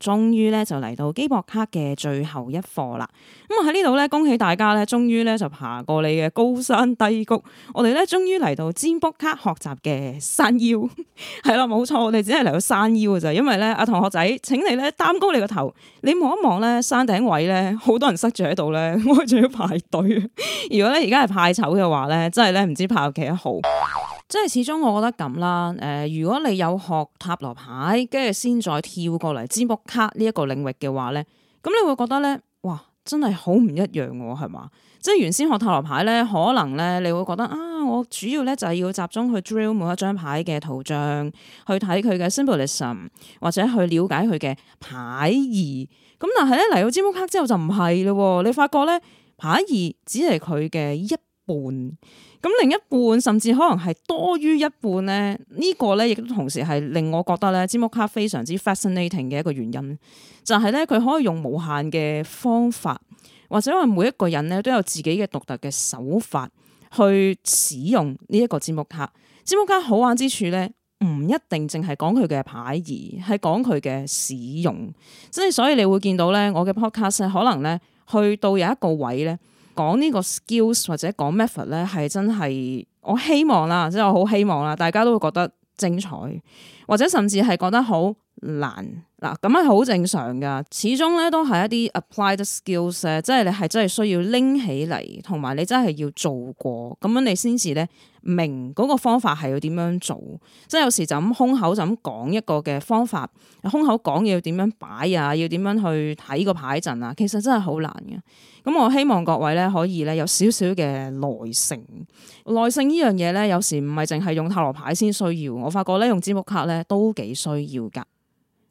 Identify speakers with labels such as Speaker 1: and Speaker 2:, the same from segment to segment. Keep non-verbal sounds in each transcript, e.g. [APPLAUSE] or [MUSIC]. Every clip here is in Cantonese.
Speaker 1: 終於咧，就嚟到基博卡嘅最後一課啦！咁啊喺呢度咧，恭喜大家咧，終於咧就爬過你嘅高山低谷。我哋咧終於嚟到基博卡學習嘅山腰，係啦，冇錯，我哋只係嚟到山腰嘅啫。因為咧，阿同學仔，請你咧擔高你個頭，你望一望咧山頂位咧，好多人塞住喺度咧，我 [LAUGHS] 仲要排隊。 [LAUGHS] 如果咧而家係派籌嘅話咧，真係咧唔知派到幾多號。即係始終我覺得咁啦，誒、呃，如果你有學塔羅牌，跟住先再跳過嚟占卜卡呢一個領域嘅話咧，咁你會覺得咧，哇，真係好唔一樣嘅，係嘛？即係原先學塔羅牌咧，可能咧你會覺得啊，我主要咧就係要集中去 drill 每一張牌嘅圖像，去睇佢嘅 symbolism，或者去了解佢嘅牌意。咁但係咧嚟到占卜卡之後就唔係咯，你發覺咧牌意只係佢嘅一半。咁另一半甚至可能係多於一半咧，呢、這個咧亦都同時係令我覺得咧，占卜卡非常之 fascinating 嘅一個原因，就係咧佢可以用無限嘅方法，或者話每一個人咧都有自己嘅獨特嘅手法去使用呢一個占卜卡。占卜卡好玩之處咧，唔一定淨係講佢嘅牌，而係講佢嘅使用。所以所以你會見到咧，我嘅 podcast 可能咧去到有一個位咧。講呢個 skills 或者講 method 咧，係真係我希望啦，即係我好希望啦，大家都會覺得精彩，或者甚至係覺得好難嗱，咁樣好正常噶。始終咧都係一啲 applied skills，即係你係真係需要拎起嚟，同埋你真係要做過咁樣，你先至咧明嗰個方法係要點樣做。即係有時就咁空口就咁講一個嘅方法，空口講嘢要點樣擺啊，要點樣去睇個牌陣啊，其實真係好難嘅。咁我希望各位咧可以咧有少少嘅耐性，耐性呢樣嘢咧有時唔係淨係用塔羅牌先需要，我發覺咧用紙撲克咧都幾需要噶。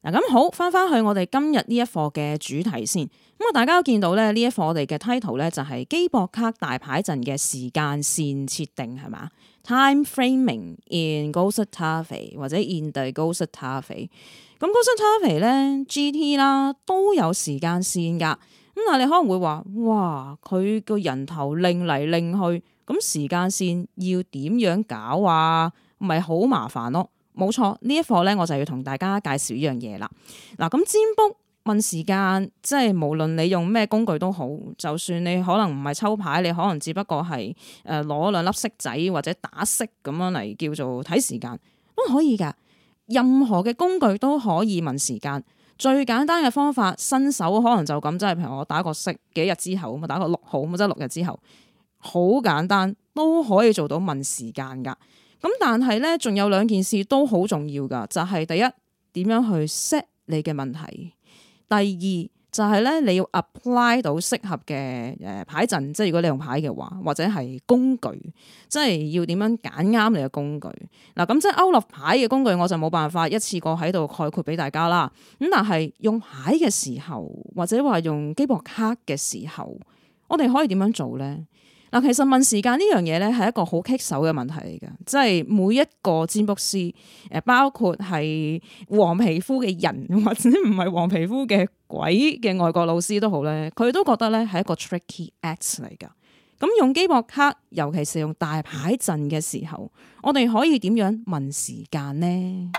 Speaker 1: 嗱，咁好翻翻去我哋今日呢一課嘅主題先。咁啊，大家都見到咧呢一課我哋嘅 title 咧就係、是、基博卡大牌陣嘅時間線設定係嘛？Time framing in Grand Tableau 或者 in the Grand Tableau，咁 Grand Tableau 咧 GT 啦都有時間線噶。咁啊，但你可能會話：哇，佢個人頭擰嚟擰去，咁時間線要點樣搞啊？咪好麻煩咯。冇錯，呢一課咧，我就要同大家介紹一樣嘢啦。嗱、嗯，咁占卜問時間，即係無論你用咩工具都好，就算你可能唔係抽牌，你可能只不過係誒攞兩粒骰仔或者打骰咁樣嚟叫做睇時間都可以㗎。任何嘅工具都可以問時間。最簡單嘅方法，新手可能就咁，即係譬如我打個息幾日之後啊，打個六號啊，即係六日之後，好簡單都可以做到問時間噶。咁但係咧，仲有兩件事都好重要噶，就係、是、第一點樣去 set 你嘅問題，第二，就係咧，你要 apply 到適合嘅誒牌陣，即係如果你用牌嘅話，或者係工具，即係要點樣揀啱你嘅工具。嗱，咁即係歐立牌嘅工具，我就冇辦法一次過喺度概括俾大家啦。咁但係用牌嘅時候，或者話用基博卡嘅時候，我哋可以點樣做咧？嗱，其實問時間呢樣嘢咧，係一個好棘手嘅問題嚟噶。即係每一個占卜師，誒包括係黃皮膚嘅人或者唔係黃皮膚嘅鬼嘅外國老師都好咧，佢都覺得咧係一個 tricky act 嚟噶。咁用機博卡，尤其是用大牌陣嘅時候，我哋可以點樣問時間呢？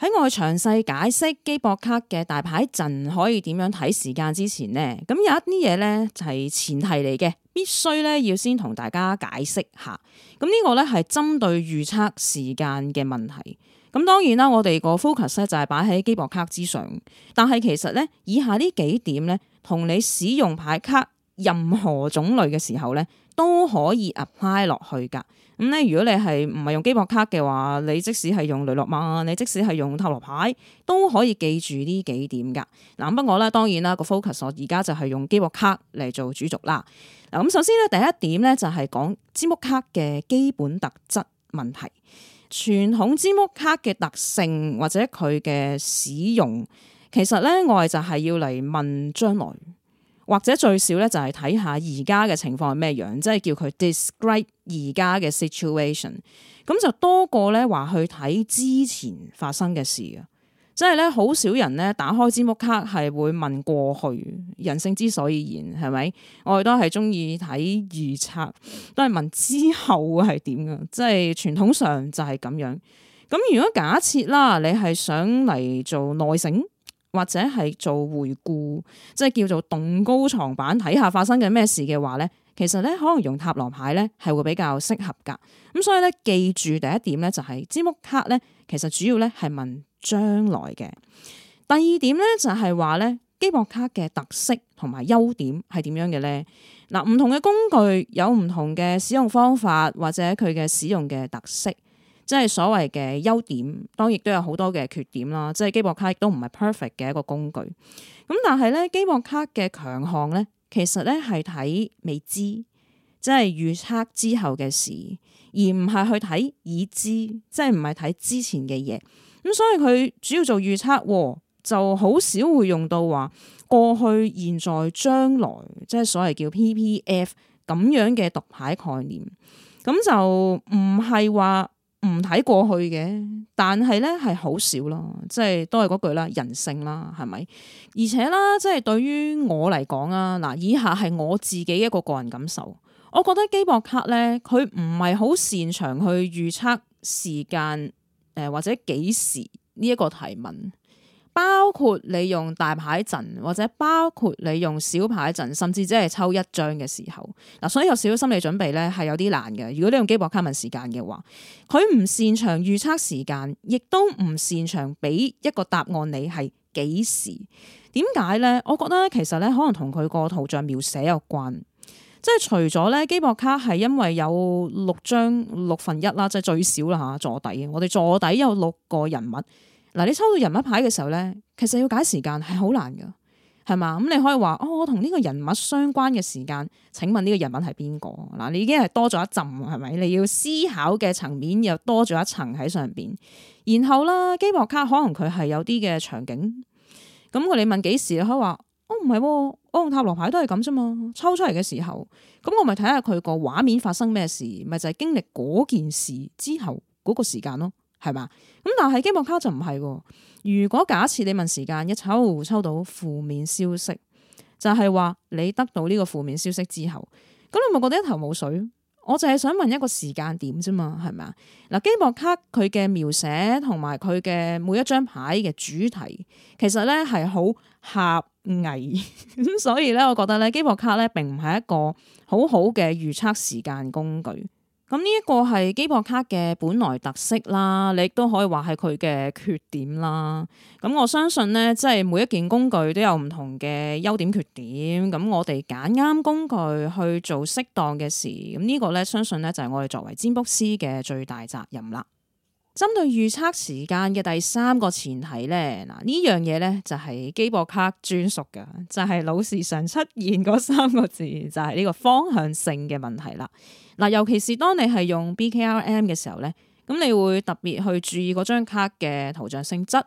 Speaker 1: 喺我去詳細解釋基博卡嘅大牌陣可以點樣睇時間之前呢，咁有一啲嘢咧就係前提嚟嘅，必須咧要先同大家解釋下。咁呢個咧係針對預測時間嘅問題。咁當然啦，我哋個 focus 咧就係擺喺基博卡之上，但係其實咧以下呢幾點咧，同你使用牌卡任何種類嘅時候咧。都可以 apply 落去噶。咁咧如果你係唔係用機博卡嘅話，你即使係用雷諾曼，你即使係用塔羅牌，都可以記住呢幾點噶。嗱，不過咧當然啦，這個 focus 我而家就係用機博卡嚟做主軸啦。嗱，咁首先咧第一點咧就係講支木卡嘅基本特質問題，傳統支木卡嘅特性或者佢嘅使用，其實咧我哋就係要嚟問將來。或者最少咧，就係睇下而家嘅情況係咩樣，即係叫佢 describe 而家嘅 situation，咁就多過咧話去睇之前發生嘅事啊！即係咧好少人咧打開節目卡係會問過去人性之所以然係咪？我哋都係中意睇預測，都係問之後係點嘅，即係傳統上就係咁樣。咁如果假設啦，你係想嚟做內省。或者係做回顧，即係叫做動高床板，睇下發生緊咩事嘅話咧，其實咧可能用塔羅牌咧係會比較適合噶。咁所以咧，記住第一點咧就係支木卡咧，其實主要咧係問將來嘅。第二點咧就係話咧，基博卡嘅特色優同埋優點係點樣嘅咧？嗱，唔同嘅工具有唔同嘅使用方法或者佢嘅使用嘅特色。即係所謂嘅優點，當然亦都有好多嘅缺點啦。即係機博卡亦都唔係 perfect 嘅一個工具。咁但係咧，機博卡嘅強項咧，其實咧係睇未知，即係預測之後嘅事，而唔係去睇已知，即係唔係睇之前嘅嘢。咁所以佢主要做預測，就好少會用到話過去、現在、將來，即係所謂叫 PPF 咁樣嘅讀牌概念。咁就唔係話。唔睇過去嘅，但係咧係好少咯，即係都係嗰句啦，人性啦，係咪？而且啦，即係對於我嚟講啊，嗱，以下係我自己一個個人感受，我覺得基博克咧，佢唔係好擅長去預測時間，誒、呃、或者幾時呢一、這個提問。包括你用大牌陣，或者包括你用小牌陣，甚至即係抽一張嘅時候，嗱，所以有少少心理準備咧，係有啲難嘅。如果你用機博卡問時間嘅話，佢唔擅長預測時間，亦都唔擅長俾一個答案你係幾時？點解咧？我覺得咧，其實咧，可能同佢個圖像描寫有關，即係除咗咧機博卡係因為有六張六分一啦，即係最少啦吓座底，我哋座底有六個人物。嗱，你抽到人物牌嘅時候咧，其實要解時間係好難噶，係嘛？咁你可以話哦，我同呢個人物相關嘅時間，請問呢個人物係邊個？嗱，你已經係多咗一浸，係咪？你要思考嘅層面又多咗一層喺上邊。然後啦，基博卡可能佢係有啲嘅場景，咁我你問幾時、哦、啊？可以話哦，唔係，我用塔羅牌都係咁啫嘛。抽出嚟嘅時候，咁我咪睇下佢個畫面發生咩事，咪就係、係、經歷嗰件事之後嗰個時間咯。係嘛？咁但係基博卡就唔係。如果假設你問時間，一抽抽到負面消息，就係話你得到呢個負面消息之後，咁你咪覺得一頭霧水？我就係想問一個時間點啫嘛，係咪啊？嗱，基博卡佢嘅描寫同埋佢嘅每一張牌嘅主題，其實咧係好狹隘咁， [LAUGHS] 所以咧我覺得咧基博卡咧並唔係一個好好嘅預測時間工具。咁呢一個係基博卡嘅本來特色啦，你亦都可以話係佢嘅缺點啦。咁我相信呢，即係每一件工具都有唔同嘅優點缺點。咁我哋揀啱工具去做適當嘅事，咁、這、呢個呢，相信呢就係我哋作為占卜師嘅最大責任啦。針對預測時間嘅第三個前提呢，嗱，呢樣嘢呢就係機博卡專屬㗎，就係、是、老時常出現嗰三個字，就係、是、呢個方向性嘅問題啦。嗱，尤其是當你係用 BKRM 嘅時候呢，咁你會特別去注意嗰張卡嘅圖像性質。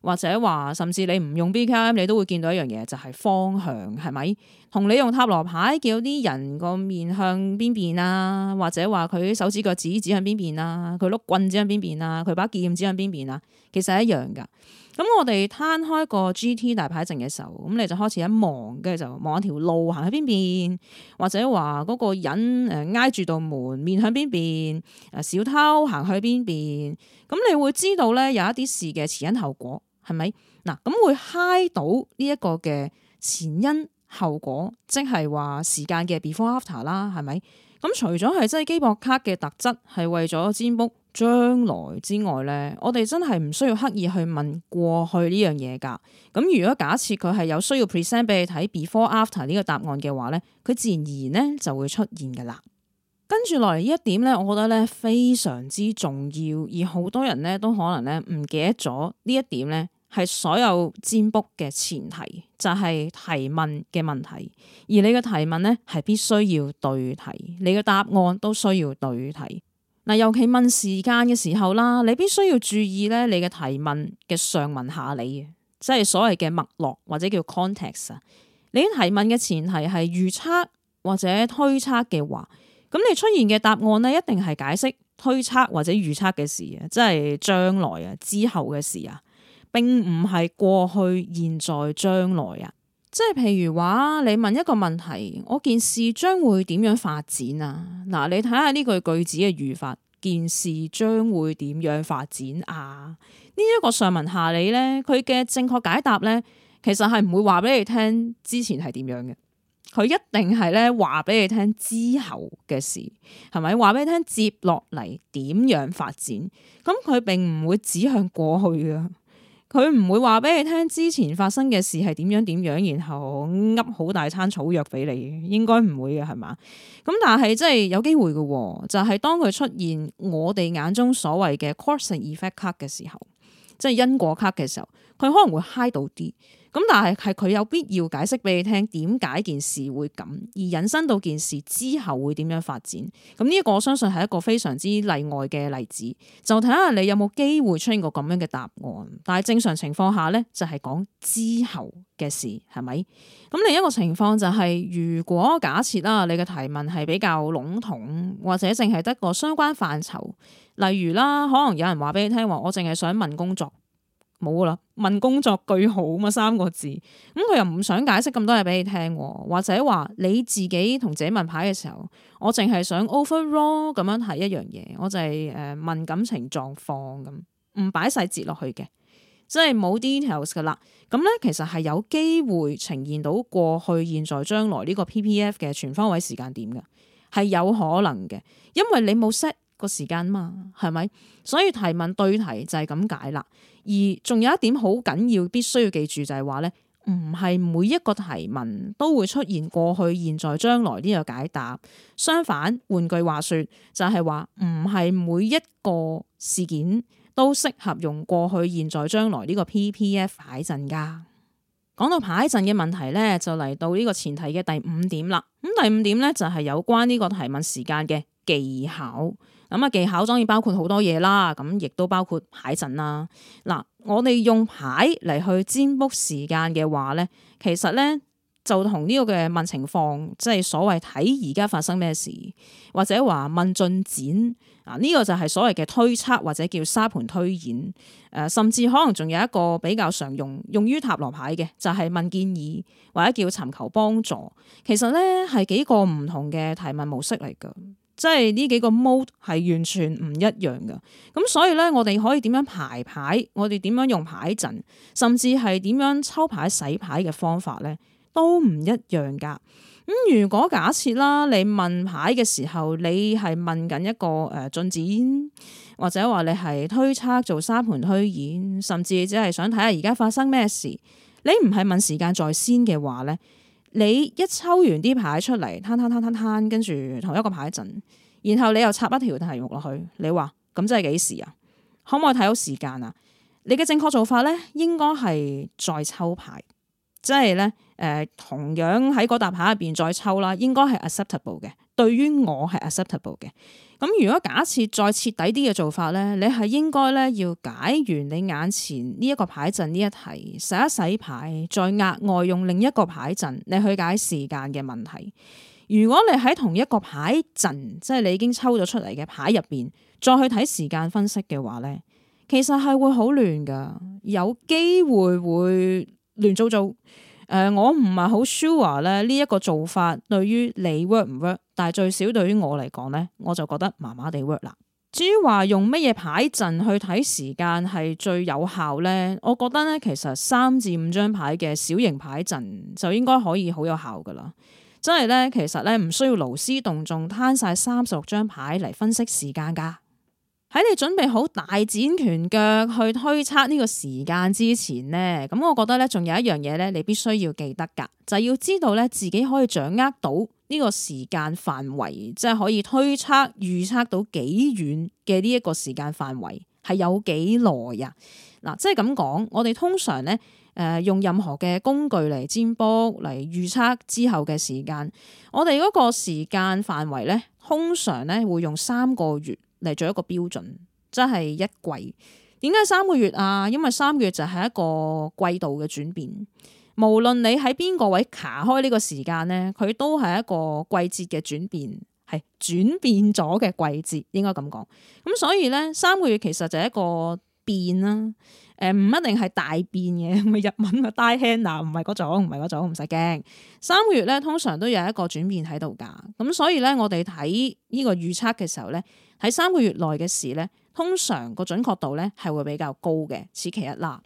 Speaker 1: 或者話，甚至你唔用 BKM，你都會見到一樣嘢，就係、是、方向係咪？同你用塔羅牌見到啲人個面向邊邊啊？或者話佢手指腳趾指向邊邊啊？佢碌棍指向邊邊啊？佢把劍指向邊邊啊？其實係一樣㗎。咁、嗯、我哋攤開一個 GT 大牌陣嘅時候，咁你就開始一望，跟住就望一條路行去邊邊，或者話嗰個人誒挨住道門面向邊邊？誒小偷行去邊邊？咁你會知道呢有一啲事嘅前因後果。係咪嗱？咁會 high 到呢一個嘅前因後果，即係話時間嘅 before after 啦，係咪？咁除咗係即係機博卡嘅特質，係為咗占卜將來之外咧，我哋真係唔需要刻意去問過去呢樣嘢噶。咁如果假設佢係有需要 present 俾你睇 before after 呢個答案嘅話咧，佢自然而然咧就會出現噶啦。跟住落嚟呢一點咧，我覺得咧非常之重要，而好多人咧都可能咧唔記得咗呢一點咧。係所有占卜嘅前提就係提問嘅問題，而你嘅提問咧係必須要對題，你嘅答案都需要對題。嗱，尤其問時間嘅時候啦，你必須要注意咧，你嘅提問嘅上文下理，即係所謂嘅脈絡或者叫 context 啊。你提問嘅前提係預測或者推測嘅話，咁你出現嘅答案咧一定係解釋推測或者預測嘅事啊，即係將來啊之後嘅事啊。並唔係過去、現在、將來啊，即係譬如話你問一個問題，我件事將會點樣發展啊？嗱，你睇下呢句句子嘅語法，件事將會點樣發展啊？呢一個上文下理呢，佢嘅正確解答呢，其實係唔會話俾你聽之前係點樣嘅，佢一定係呢話俾你聽之後嘅事，係咪？話俾你聽接落嚟點樣發展？咁佢並唔會指向過去啊。佢唔會話俾你聽之前發生嘅事係點樣點樣，然後噏好大餐草藥俾你，應該唔會嘅係嘛？咁但係即係有機會嘅，就係當佢出現我哋眼中所謂嘅 cause and effect 卡嘅時候，即係因果卡嘅時候，佢可能會嗨到啲。咁但係係佢有必要解釋俾你聽點解件事會咁，而引申到件事之後會點樣發展？咁呢一個我相信係一個非常之例外嘅例子，就睇下你有冇機會出現過咁樣嘅答案。但係正常情況下呢，就係講之後嘅事，係咪？咁另一個情況就係，如果假設啦，你嘅提問係比較籠統，或者淨係得個相關範疇，例如啦，可能有人話俾你聽話，我淨係想問工作。冇啦，問工作句號嘛三個字，咁、嗯、佢又唔想解釋咁多嘢俾你聽，或者話你自己同自己問牌嘅時候，我淨係想 overall 咁樣係一樣嘢，我就係誒問感情狀況咁，唔擺晒節落去嘅，即係冇 details 噶啦，咁咧其實係有機會呈現到過去、現在、將來呢個 PPF 嘅全方位時間點㗎，係有可能嘅，因為你冇 set。個時間嘛，係咪？所以提問對題就係咁解啦。而仲有一點好緊要必須要記住就，就係話咧，唔係每一個提問都會出現過去、現在、將來呢個解答。相反，換句話說，就係話唔係每一個事件都適合用過去、現在、將來呢個 PPF 擺陣㗎。講到排陣嘅問題咧，就嚟到呢個前提嘅第五點啦。咁第五點咧就係有關呢個提問時間嘅技巧。咁啊，技巧當然包括好多嘢啦，咁亦都包括牌陣啦。嗱，我哋用牌嚟去占卜時間嘅話咧，其實咧就同呢個嘅問情況，即係所謂睇而家發生咩事，或者話問進展啊，呢、這個就係所謂嘅推測或者叫沙盤推演。誒，甚至可能仲有一個比較常用用於塔羅牌嘅，就係、是、問建議或者叫尋求幫助。其實咧係幾個唔同嘅提問模式嚟噶。即係呢幾個 mode 係完全唔一樣嘅，咁所以咧，我哋可以點樣排牌？我哋點樣用牌陣，甚至係點樣抽牌洗牌嘅方法咧，都唔一樣㗎。咁如果假設啦，你問牌嘅時候，你係問緊一個誒進展，或者話你係推測做沙盤推演，甚至只係想睇下而家發生咩事，你唔係問時間在先嘅話咧。你一抽完啲牌出嚟，攤攤攤攤攤，跟住同一個牌陣，然後你又插一條題目落去，你話咁即係幾時啊？可唔可以睇到時間啊？你嘅正確做法咧，應該係再抽牌，即係咧誒，同樣喺嗰沓牌入邊再抽啦，應該係 acceptable 嘅，對於我係 acceptable 嘅。咁如果假設再徹底啲嘅做法呢，你係應該呢要解完你眼前呢一個牌陣呢一題，洗一洗牌，再額外用另一個牌陣你去解時間嘅問題。如果你喺同一個牌陣，即係你已經抽咗出嚟嘅牌入邊，再去睇時間分析嘅話呢，其實係會好亂㗎，有機會會亂糟糟。誒、呃，我唔係好 sure 咧，呢一個做法對於你 work 唔 work，但係最少對於我嚟講呢，我就覺得麻麻地 work 啦。至於話用乜嘢牌陣去睇時間係最有效呢？我覺得呢，其實三至五張牌嘅小型牌陣就應該可以好有效噶啦。即係呢，其實呢，唔需要勞師動眾攤晒三十六張牌嚟分析時間噶。喺你準備好大展拳腳去推測呢個時間之前呢，咁我覺得咧，仲有一樣嘢咧，你必須要記得噶，就係要知道咧自己可以掌握到呢個時間範圍，即係可以推測、預測到幾遠嘅呢一個時間範圍係有幾耐啊？嗱，即係咁講，我哋通常咧誒用任何嘅工具嚟占卜嚟預測之後嘅時間，我哋嗰個時間範圍咧，通常咧會用三個月。嚟做一個標準，即係一季。點解三個月啊？因為三個月就係一個季度嘅轉變。無論你喺邊個位卡開呢個時間咧，佢都係一個季節嘅轉變，係轉變咗嘅季節，應該咁講。咁所以咧，三個月其實就係一個變啦、啊，誒、呃、唔一定係大變嘅，咪日文咪 Die Hand，唔係嗰種，唔係嗰種，唔使驚。三個月咧，通常都有一個轉變喺度㗎，咁所以咧，我哋睇呢個預測嘅時候咧，喺三個月內嘅時咧，通常個準確度咧係會比較高嘅，此其一啦。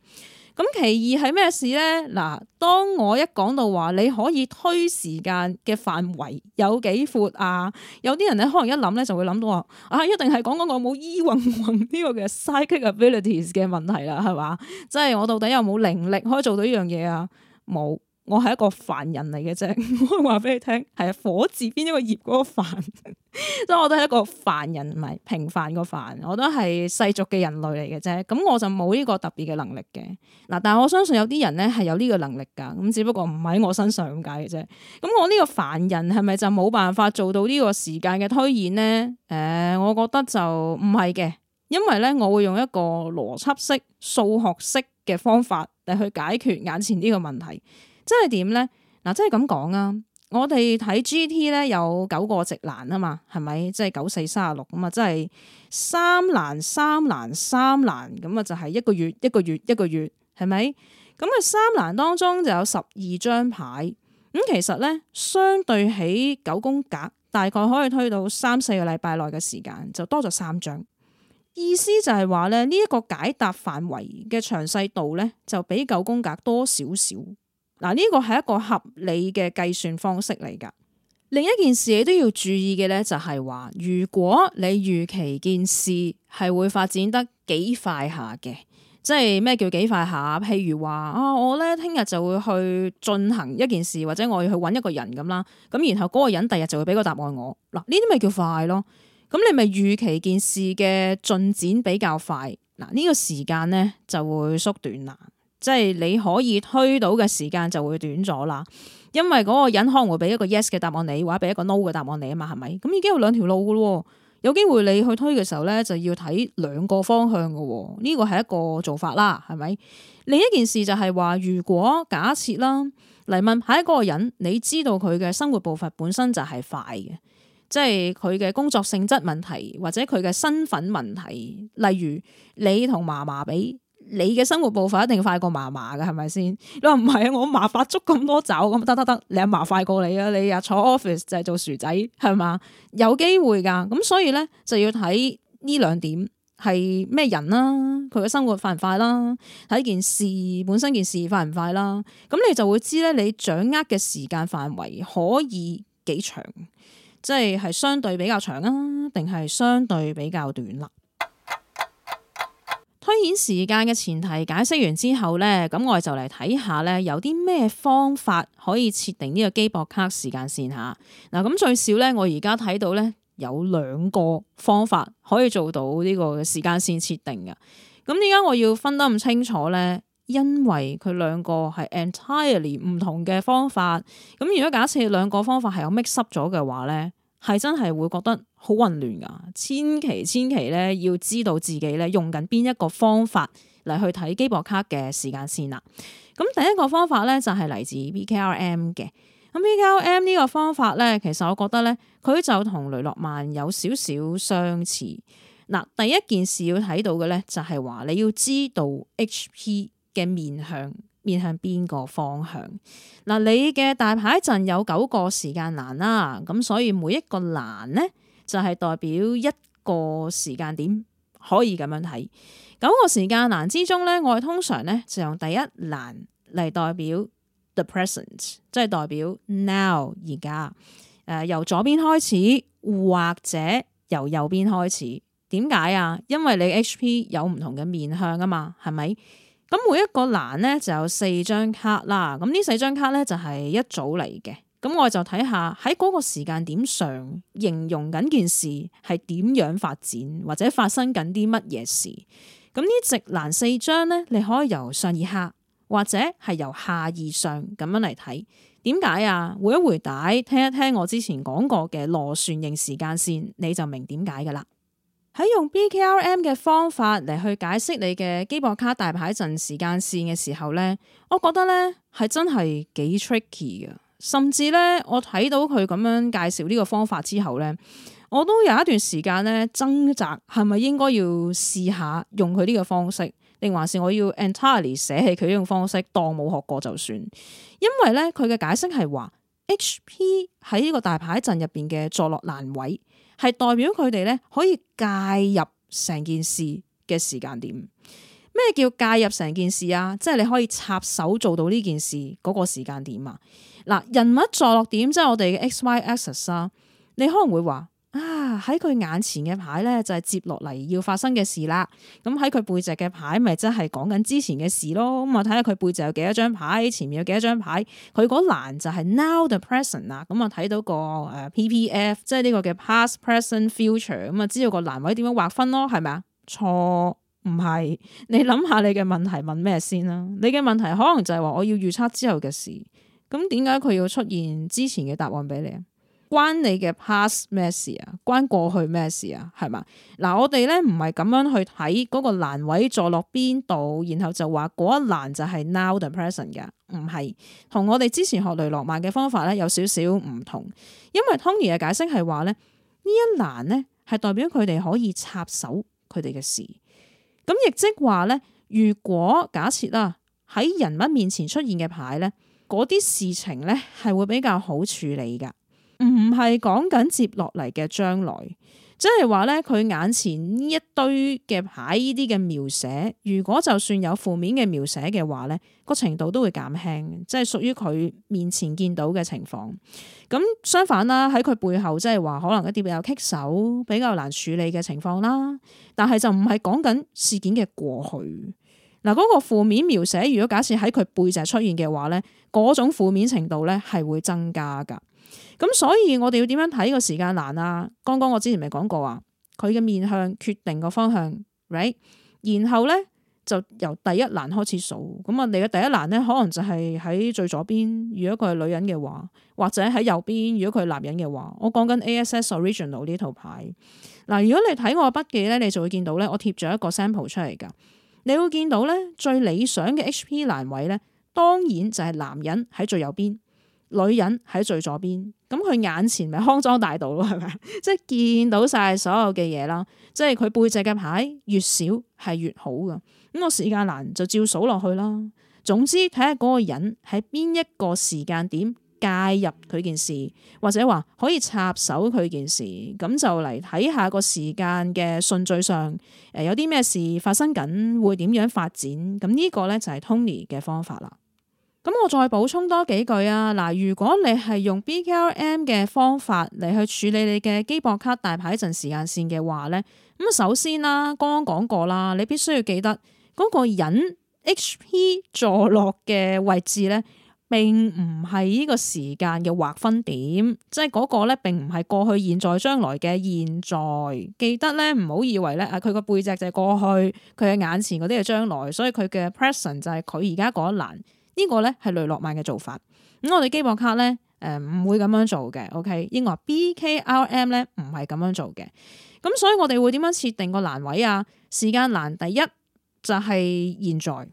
Speaker 1: 咁其二係咩事咧？嗱，當我一講到話你可以推時間嘅範圍有幾闊啊，有啲人咧可能一諗咧就會諗到話，啊，一定係講講我冇依雲雲呢個嘅 psychic abilities 嘅問題啦，係嘛？即係我到底有冇靈力可以做到呢樣嘢啊？冇。我係一個凡人嚟嘅啫，我會話俾你聽，係啊，火字邊一個葉嗰個凡，即 [LAUGHS] 係我都係一個凡人，唔係平凡個凡，我都係世俗嘅人類嚟嘅啫。咁我就冇呢個特別嘅能力嘅。嗱，但係我相信有啲人咧係有呢個能力噶，咁只不過唔喺我身上解嘅啫。咁我呢個凡人係咪就冇辦法做到呢個時間嘅推演咧？誒、呃，我覺得就唔係嘅，因為咧我會用一個邏輯式、數學式嘅方法嚟去解決眼前呢個問題。即係點咧？嗱，即係咁講啊。我哋睇 GT 咧有九個直欄啊嘛，係咪？即係九四三十六咁啊，即係三欄、三欄、三欄咁啊，就係、是、一個月、一個月、一個月係咪？咁啊，三欄當中就有十二張牌咁。其實咧，相對起九宮格，大概可以推到三四個禮拜內嘅時間就多咗三張。意思就係話咧，呢、這、一個解答範圍嘅詳細度咧，就比九宮格多少少。嗱，呢個係一個合理嘅計算方式嚟㗎。另一件事你都要注意嘅咧，就係話，如果你預期件事係會發展得幾快下嘅，即係咩叫幾快下？譬如話啊，我咧聽日就會去進行一件事，或者我要去揾一個人咁啦。咁然後嗰個人第二日就會俾個答案我。嗱，呢啲咪叫快咯。咁你咪預期件事嘅進展比較快。嗱，呢個時間咧就會縮短啦。即係你可以推到嘅時間就會短咗啦，因為嗰個人可能會俾一個 yes 嘅答案你，或者俾一個 no 嘅答案你啊嘛，係咪？咁已經有兩條路噶咯，有機會你去推嘅時候咧，就要睇兩個方向噶，呢個係一個做法啦，係咪？另一件事就係話，如果假設啦，嚟問下一個人，你知道佢嘅生活步伐本身就係快嘅，即係佢嘅工作性質問題，或者佢嘅身份問題，例如你同嫲嫲比。你嘅生活步伐一定要快過嫲嫲噶係咪先？你話唔係啊？我嫲發足咁多爪，咁得得得，你阿嫲快過你啊！你日坐 office 就係做薯仔，係嘛？有機會噶，咁所以咧就要睇呢兩點係咩人啦，佢嘅生活快唔快啦，睇件事本身件事快唔快啦，咁你就會知咧你掌握嘅時間範圍可以幾長，即係係相對比較長啊，定係相對比較短啦。推演時間嘅前提解釋完之後咧，咁我哋就嚟睇下咧，有啲咩方法可以設定呢個機博卡時間線吓。嗱，咁最少咧，我而家睇到咧有兩個方法可以做到呢個時間線設定嘅。咁點解我要分得咁清楚咧？因為佢兩個係 entirely 唔同嘅方法。咁如果假設兩個方法係有 mix 濕咗嘅話咧？係真係會覺得好混亂噶，千祈千祈咧要知道自己咧用緊邊一個方法嚟去睇機博卡嘅時間線啦。咁第一個方法咧就係、是、嚟自 B K R M 嘅。咁 B K R M 呢個方法咧，其實我覺得咧佢就同雷諾曼有少少相似嗱。第一件事要睇到嘅咧就係、是、話你要知道 H P 嘅面向。面向邊個方向？嗱，你嘅大牌陣有九個時間欄啦，咁所以每一個欄呢，就係代表一個時間點，可以咁樣睇。九個時間欄之中呢，我哋通常呢，就用第一欄嚟代表 the present，即係代表 now 而家。誒、呃，由左邊開始或者由右邊開始，點解啊？因為你 HP 有唔同嘅面向啊嘛，係咪？咁每一個欄呢就有四張卡啦，咁呢四張卡呢就係一組嚟嘅。咁我就睇下喺嗰個時間點上，形容緊件事係點樣發展，或者發生緊啲乜嘢事。咁呢直欄四張呢，你可以由上而下，或者係由下而上咁樣嚟睇。點解啊？回一回帶，聽一聽我之前講過嘅螺旋形時間線，你就明點解㗎喇。喺用 BKRM 嘅方法嚟去解釋你嘅基博卡大牌陣時間線嘅時候咧，我覺得咧係真係幾 tricky 嘅，甚至咧我睇到佢咁樣介紹呢個方法之後咧，我都有一段時間咧掙扎係咪應該要試下用佢呢個方式，定還是我要 entirely 捨棄佢呢種方式，當冇學過就算。因為咧佢嘅解釋係話，HP 喺呢個大牌陣入邊嘅坐落難位。係代表佢哋咧可以介入成件事嘅時間點。咩叫介入成件事啊？即係你可以插手做到呢件事個時間點啊！嗱，人物坐落點即係我哋嘅 X-Y axis 啊，你可能會話。啊！喺佢眼前嘅牌咧，就係接落嚟要發生嘅事啦。咁喺佢背脊嘅牌，咪真係講緊之前嘅事咯。咁啊，睇下佢背脊有幾多張牌，前面有幾多張牌。佢嗰欄就係 now the present 啊。咁啊，睇到個 PPF，即係呢個嘅 past present future。咁啊，知道個欄位點樣劃分咯，係咪啊？錯，唔係。你諗下你嘅問題問咩先啦？你嘅問題可能就係話我要預測之後嘅事。咁點解佢要出現之前嘅答案俾你啊？關你嘅 past 咩事啊？關過去咩事啊？係嘛？嗱，我哋咧唔係咁樣去睇嗰個欄位坐落邊度，然後就話嗰一欄就係 now depression 嘅。唔係，同我哋之前學雷諾曼嘅方法咧有少少唔同，因為 Tony 嘅解釋係話咧呢一欄咧係代表佢哋可以插手佢哋嘅事。咁亦即係話咧，如果假設啦，喺人物面前出現嘅牌咧，嗰啲事情咧係會比較好處理噶。唔係講緊接落嚟嘅將來，即係話咧，佢眼前呢一堆嘅牌呢啲嘅描寫，如果就算有負面嘅描寫嘅話咧，個程度都會減輕，即係屬於佢面前見到嘅情況。咁相反啦，喺佢背後即係話可能一啲比較棘手、比較難處理嘅情況啦。但係就唔係講緊事件嘅過去嗱，嗰個負面描寫如果假設喺佢背脊出現嘅話咧，嗰種負面程度咧係會增加噶。咁所以，我哋要點樣睇呢個時間欄啊？剛剛我之前咪講過啊，佢嘅面向決定個方向，right？然後咧就由第一欄開始數。咁啊，你嘅第一欄咧，可能就係喺最左邊。如果佢係女人嘅話，或者喺右邊。如果佢係男人嘅話，我講緊 ASS Original 呢套牌。嗱，如果你睇我嘅筆記咧，你就會見到咧，我貼咗一個 sample 出嚟噶。你會見到咧，最理想嘅 HP 欄位咧，當然就係男人喺最右邊，女人喺最左邊。咁佢眼前咪康莊大道咯，係咪？ [LAUGHS] 即係見到曬所有嘅嘢啦，即係佢背脊嘅牌越少係越好噶。咁個時間難就照數落去啦。總之睇下嗰個人喺邊一個時間點介入佢件事，或者話可以插手佢件事，咁就嚟睇下個時間嘅順序上，誒、呃、有啲咩事發生緊，會點樣發展？咁呢個咧就係、是、Tony 嘅方法啦。咁我再補充多幾句啊，嗱，如果你係用 BKM 嘅方法嚟去處理你嘅機博卡大牌一陣時間線嘅話咧，咁首先啦，剛剛講過啦，你必須要記得嗰個人 HP 坐落嘅位置咧，並唔係呢個時間嘅劃分點，即係嗰個咧，並唔係過去、現在、將來嘅現在。記得咧，唔好以為咧，啊佢個背脊就係過去，佢嘅眼前嗰啲係將來，所以佢嘅 present 就係佢而家嗰一欄。呢個咧係雷諾曼嘅做法。咁我哋基博卡咧，誒、呃、唔會咁樣做嘅。OK，英國 B K R M 咧唔係咁樣做嘅。咁所以我哋會點樣設定個欄位啊？時間欄第一就係、是、現在，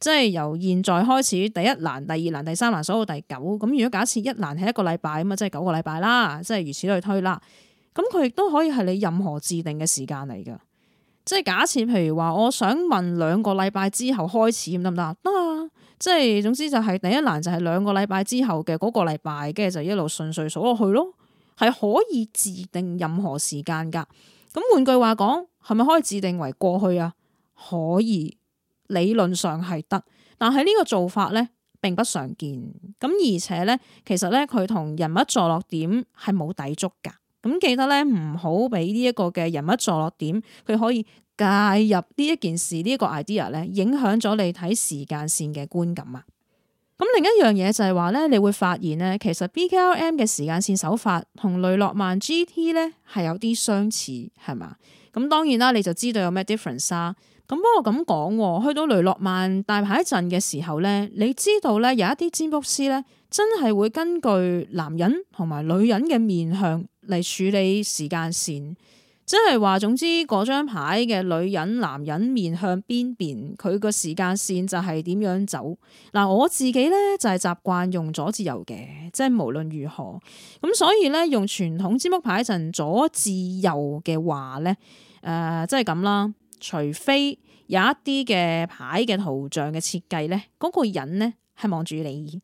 Speaker 1: 即係由現在開始。第一欄、第二欄、第三欄，數到第九咁。如果假設一欄係一個禮拜咁啊，即係九個禮拜啦，即係如此類推啦。咁佢亦都可以係你任何自定嘅時間嚟㗎。即係假設譬如話，我想問兩個禮拜之後開始得唔得啊？得啊。即係，總之就係、是、第一欄就係兩個禮拜之後嘅嗰個禮拜，跟住就一路順序數落去咯，係可以自定任何時間噶。咁換句話講，係咪可以自定為過去啊？可以，理論上係得。但係呢個做法咧，並不常見。咁而且咧，其實咧，佢同人物坐落點係冇抵觸噶。咁記得咧，唔好俾呢一個嘅人物坐落點，佢可以。介入呢一件事呢個 idea 咧，影響咗你睇時間線嘅觀感啊！咁另一樣嘢就係話咧，你會發現咧，其實 B K L M 嘅時間線手法同雷諾曼 G T 咧係有啲相似，係嘛？咁當然啦，你就知道有咩 difference 啦。咁不過咁講，去到雷諾曼大排一陣嘅時候咧，你知道咧，有一啲占卜師咧真係會根據男人同埋女人嘅面向嚟處理時間線。即係話，總之嗰張牌嘅女人、男人面向邊邊，佢個時間線就係點樣走嗱、呃。我自己咧就係習慣用左至右嘅，即係無論如何咁，所以咧用傳統占卜牌陣左至右嘅話咧，誒、呃，即係咁啦，除非有一啲嘅牌嘅圖像嘅設計咧，嗰、那個人咧係望住你。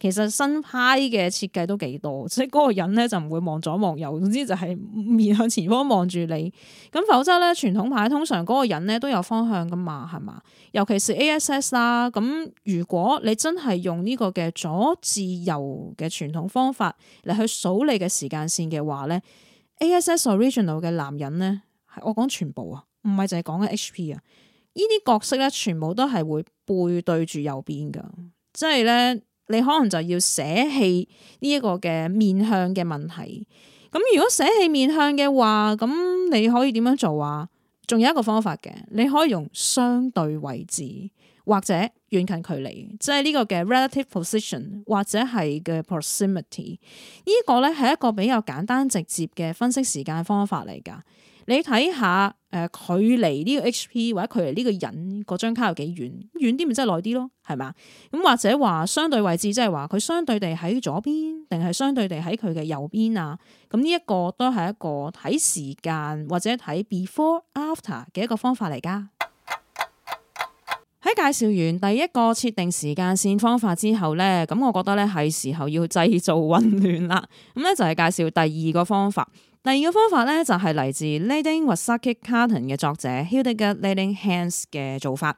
Speaker 1: 其實新派嘅設計都幾多，即係嗰個人咧就唔會望左望右，總之就係面向前方望住你。咁否則咧，傳統派通常嗰個人咧都有方向噶嘛，係嘛？尤其是 ASS 啦，咁如果你真係用呢個嘅左至右嘅傳統方法嚟去數你嘅時間線嘅話咧，ASS original 嘅男人咧，係我講全部啊，唔係淨係講緊 HP 啊，呢啲角色咧全部都係會背對住右邊噶，即係咧。你可能就要捨棄呢一個嘅面向嘅問題。咁如果捨棄面向嘅話，咁你可以點樣做啊？仲有一個方法嘅，你可以用相對位置或者遠近距離，即係呢個嘅 relative position 或者係嘅 proximity。呢個呢係一個比較簡單直接嘅分析時間方法嚟噶。你睇下，誒、呃、距離呢個 HP 或者距離呢個人嗰張卡有幾遠？遠啲咪真係耐啲咯，係嘛？咁或者話相對位置，即係話佢相對地喺左邊，定係相對地喺佢嘅右邊啊？咁呢一個都係一個睇時間或者睇 before after 嘅一個方法嚟㗎。喺 [NOISE] 介紹完第一個設定時間線方法之後咧，咁我覺得咧係時候要製造混亂啦。咁咧就係介紹第二個方法。第二個方法咧，就係嚟自 Lading Wazaki Katan 嘅作者 Hilding Lading Hans d 嘅做法。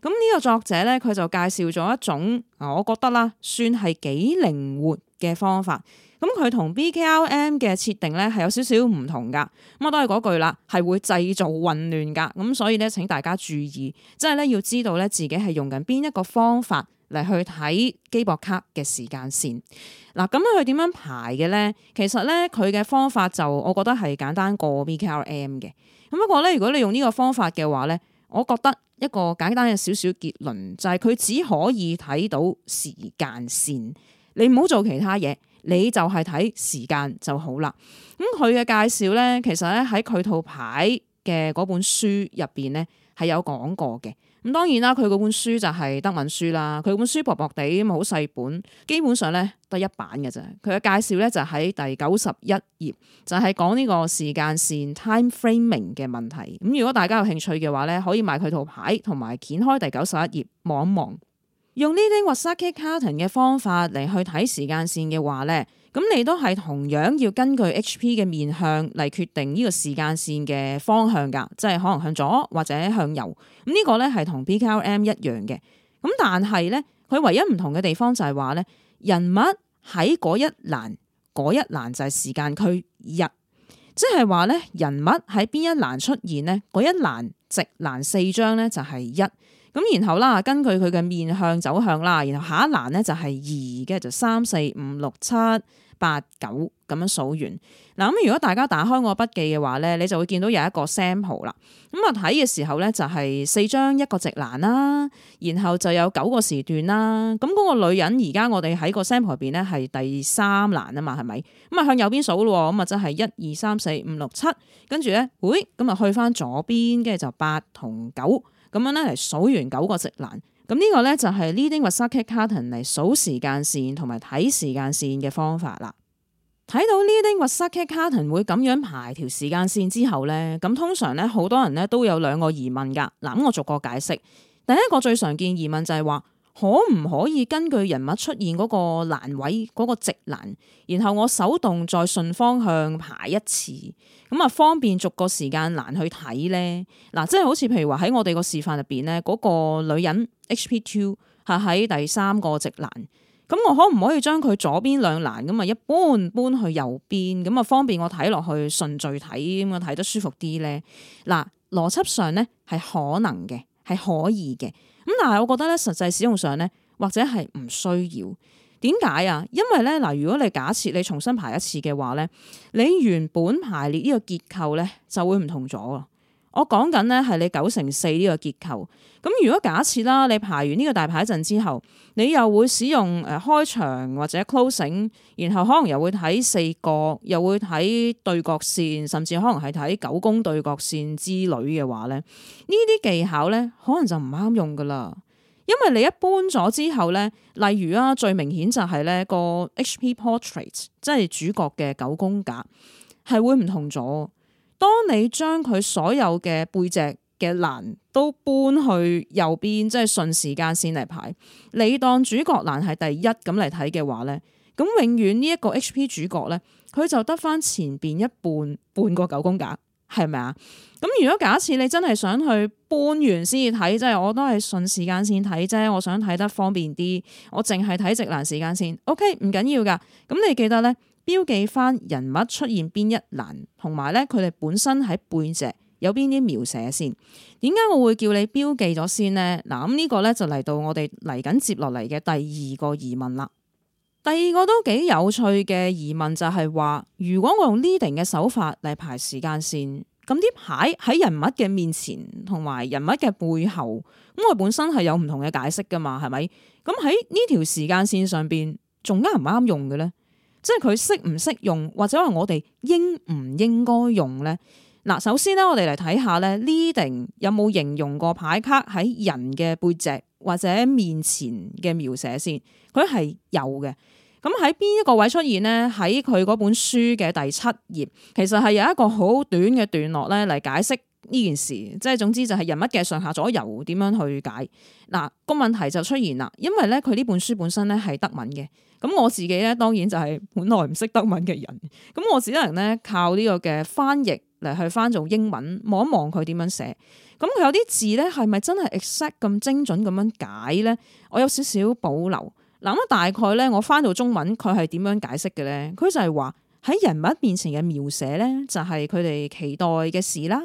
Speaker 1: 咁、這、呢個作者咧，佢就介紹咗一種我覺得啦，算係幾靈活嘅方法。咁佢同 BKLM 嘅設定咧，係有少少唔同噶。咁都係嗰句啦，係會製造混亂噶。咁所以咧，請大家注意，即係咧，要知道咧自己係用緊邊一個方法。嚟去睇機博卡嘅時間線，嗱，咁樣佢點樣排嘅咧？其實咧佢嘅方法就我覺得係簡單過 VKRM 嘅。咁不過咧，如果你用呢個方法嘅話咧，我覺得一個簡單嘅少少結論就係佢只可以睇到時間線，你唔好做其他嘢，你就係睇時間就好啦。咁佢嘅介紹咧，其實咧喺佢套牌嘅嗰本書入邊咧係有講過嘅。咁當然啦，佢嗰本書就係德文書啦。佢本書薄薄地，咁好細本，基本上咧得一版嘅啫。佢嘅介紹咧就喺第九十一頁，就係講呢個時間線 （time framing） 嘅問題。咁如果大家有興趣嘅話咧，可以買佢套牌同埋掀開第九十一頁望一望，用呢啲 Watsuki carton 嘅方法嚟去睇時間線嘅話咧。咁你都係同樣要根據 H.P. 嘅面向嚟決定呢個時間線嘅方向㗎，即係可能向左或者向右。咁、這、呢個咧係同 BKM 一樣嘅。咁但係咧，佢唯一唔同嘅地方就係話咧，人物喺嗰一欄嗰一欄就係時間區一,一,一，即係話咧人物喺邊一欄出現咧，嗰一欄直欄四張咧就係一。咁然後啦，根據佢嘅面向走向啦，然後下一欄呢，就係二嘅，就三四五六七八九咁樣數完。嗱，咁如果大家打開我筆記嘅話呢，你就會見到有一個 sample 啦。咁啊睇嘅時候呢，就係四張一個直欄啦，然後就有九個時段啦。咁、那、嗰個女人而家我哋喺個 sample 入邊、就是、呢，係第三欄啊嘛，係咪？咁啊向右邊數咯，咁啊真係一二三四五六七，跟住呢，喂，咁啊去翻左邊，跟住就八同九。咁樣咧嚟數完九個直欄，咁呢個咧就係 Leading Worksheet Pattern 嚟數時間線同埋睇時間線嘅方法啦。睇到 Leading Worksheet Pattern 會咁樣排條時間線之後咧，咁通常咧好多人咧都有兩個疑問㗎。嗱，我逐個解釋。第一個最常見疑問就係話，可唔可以根據人物出現嗰個欄位嗰個直欄，然後我手動再順方向排一次，咁啊方便逐個時間欄去睇咧？嗱，即係好似譬如話喺我哋個示範入邊咧，嗰個女人 H P Two 係喺第三個直欄，咁我可唔可以將佢左邊兩欄咁啊，一搬搬去右邊，咁啊方便我睇落去順序睇，咁啊睇得舒服啲咧？嗱，邏輯上咧係可能嘅。係可以嘅，咁但係我覺得咧，實際使用上咧，或者係唔需要。點解啊？因為咧，嗱，如果你假設你重新排一次嘅話咧，你原本排列呢個結構咧就會唔同咗啊。我講緊呢係你九乘四呢個結構，咁如果假設啦，你排完呢個大牌陣之後，你又會使用誒開場或者 closing，然後可能又會睇四角，又會睇對角線，甚至可能係睇九宮對角線之類嘅話咧，呢啲技巧呢可能就唔啱用噶啦，因為你一搬咗之後呢，例如啊最明顯就係呢個 HP Portrait，即係主角嘅九宮格係會唔同咗。當你將佢所有嘅背脊嘅欄都搬去右邊，即、就、係、是、順時間線嚟排。你當主角欄係第一咁嚟睇嘅話咧，咁永遠呢一個 HP 主角咧，佢就得返前邊一半半個九宮格，係咪啊？咁如果假設你真係想去搬完先至睇，即、就、係、是、我都係順時間線睇啫，我想睇得方便啲，我淨係睇直欄時間線。OK 唔緊要㗎，咁你記得咧。標記翻人物出現邊一欄，同埋咧佢哋本身喺背脊有邊啲描寫先？點解我會叫你標記咗先呢？嗱，咁呢個咧就嚟到我哋嚟緊接落嚟嘅第二個疑問啦。第二個都幾有趣嘅疑問就係話，如果我用 leading 嘅手法嚟排時間線，咁啲牌喺人物嘅面前同埋人物嘅背後，咁我本身係有唔同嘅解釋噶嘛？係咪？咁喺呢條時間線上邊，仲啱唔啱用嘅呢？即係佢識唔識用，或者話我哋應唔應該用咧？嗱，首先咧，我哋嚟睇下咧 Leading 有冇形容過牌卡喺人嘅背脊或者面前嘅描寫先。佢係有嘅。咁喺邊一個位出現呢？喺佢嗰本書嘅第七頁，其實係有一個好短嘅段落咧嚟解釋呢件事。即係總之就係人物嘅上下左右點樣去解。嗱，個問題就出現啦，因為咧佢呢本書本身咧係德文嘅。咁我自己咧，當然就係本來唔識德文嘅人，咁我只能咧靠呢個嘅翻譯嚟去翻做英文，望一望佢點樣寫。咁佢有啲字咧，係咪真係 exact 咁精準咁樣解咧？我有少少保留。嗱，咁大概咧，我翻到中文佢係點樣解釋嘅咧？佢就係話喺人物面前嘅描寫咧，就係佢哋期待嘅事啦。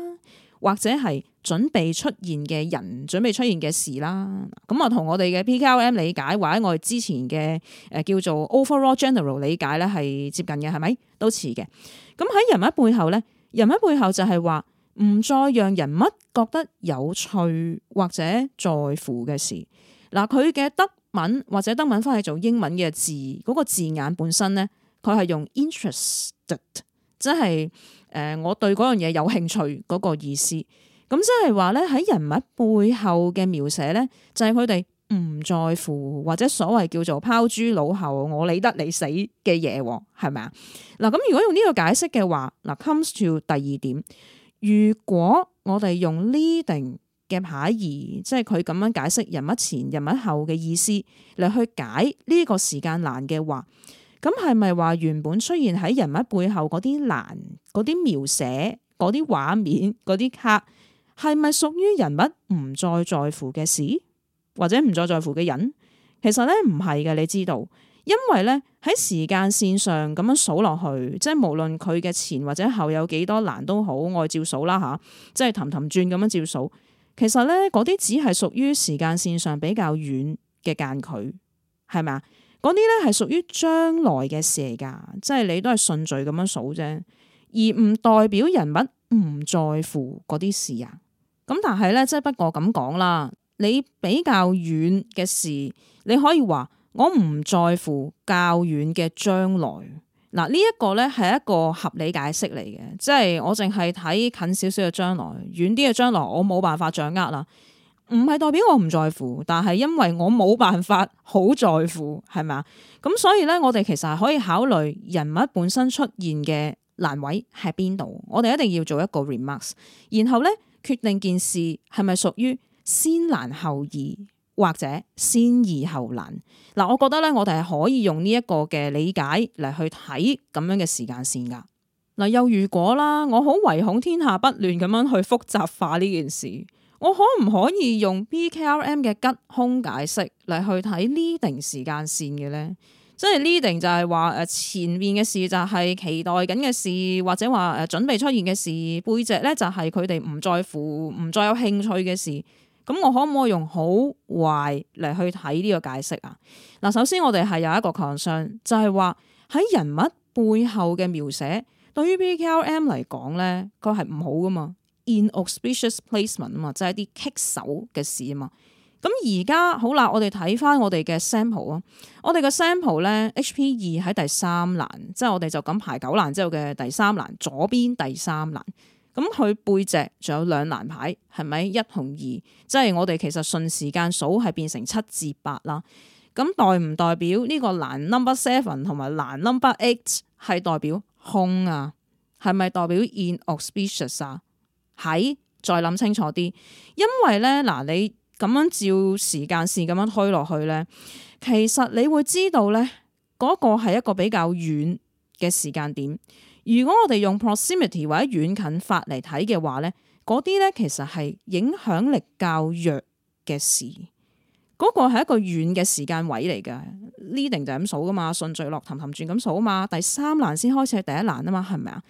Speaker 1: 或者係準備出現嘅人，準備出現嘅事啦。咁我同我哋嘅 p k l m 理解，或者我哋之前嘅誒、呃、叫做 overall general 理解咧，係接近嘅，係咪都似嘅？咁喺人物背後咧，人物背後就係話唔再讓人物覺得有趣或者在乎嘅事。嗱、呃，佢嘅德文或者德文翻去做英文嘅字嗰、那個字眼本身咧，佢係用 interested，即係。誒，我對嗰樣嘢有興趣嗰個意思，咁即係話咧，喺人物背後嘅描寫咧，就係佢哋唔在乎或者所謂叫做拋諸腦後，我理得你死嘅嘢，係咪啊？嗱，咁如果用呢個解釋嘅話，嗱，comes to 第二點，如果我哋用 leading 嘅牌意，即係佢咁樣解釋人物前、人物後嘅意思嚟去解呢個時間難嘅話。咁係咪話原本出現喺人物背後嗰啲難嗰啲描寫嗰啲畫面嗰啲卡，係咪屬於人物唔再在，在乎嘅事或者唔再在乎嘅人？其實咧唔係嘅，你知道，因為咧喺時間線上咁樣數落去，即係無論佢嘅前或者後有幾多難都好，我照數啦吓，即係氹氹轉咁樣照數。其實咧嗰啲只係屬於時間線上比較遠嘅間距，係咪啊？嗰啲咧係屬於將來嘅事嚟噶，即係你都係順序咁樣數啫，而唔代表人物唔在乎嗰啲事啊。咁但係咧，即係不過咁講啦，你比較遠嘅事，你可以話我唔在乎較遠嘅將來。嗱，呢一個咧係一個合理解釋嚟嘅，即係我淨係睇近少少嘅將來，遠啲嘅將來我冇辦法掌握啦。唔係代表我唔在乎，但係因為我冇辦法好在乎，係咪啊？咁所以咧，我哋其實係可以考慮人物本身出現嘅難位喺邊度，我哋一定要做一個 remark，然後咧決定件事係咪屬於先難後易，或者先易後難。嗱、呃，我覺得咧，我哋係可以用呢一個嘅理解嚟去睇咁樣嘅時間線噶。嗱、呃，又如果啦，我好唯恐天下不亂咁樣去複雜化呢件事。我可唔可以用 BKRM 嘅吉凶解釋嚟去睇 leading 時間線嘅咧？即係 leading 就係話誒前面嘅事就係期待緊嘅事，或者話誒準備出現嘅事，背脊咧就係佢哋唔在乎、唔再有興趣嘅事。咁我可唔可以用好壞嚟去睇呢個解釋啊？嗱，首先我哋係有一個強項，就係話喺人物背後嘅描寫，對於 BKRM 嚟講咧，佢係唔好噶嘛。inauspicious placement 啊嘛，就係一啲棘手嘅事啊嘛。咁而家好啦，我哋睇翻我哋嘅 sample 啊，我哋嘅 sample 咧，HP 二喺第三欄，即係我哋就咁排九欄之後嘅第三欄，左邊第三欄。咁佢背脊仲有兩欄牌，係咪一同二？即係我哋其實順時間數係變成七至八啦。咁代唔代表呢個欄 number seven 同埋欄 number eight 係代表空啊？係咪代表 inauspicious 啊？喺再諗清楚啲，因為咧嗱，你咁樣照時間線咁樣推落去咧，其實你會知道咧，嗰、那個係一個比較遠嘅時間點。如果我哋用 proximity 或者遠近法嚟睇嘅話咧，嗰啲咧其實係影響力較弱嘅事。嗰、那個係一個遠嘅時間位嚟噶，leading 就咁數噶嘛，順序落氹氹轉咁數嘛，第三欄先開始係第一欄啊嘛，係咪啊？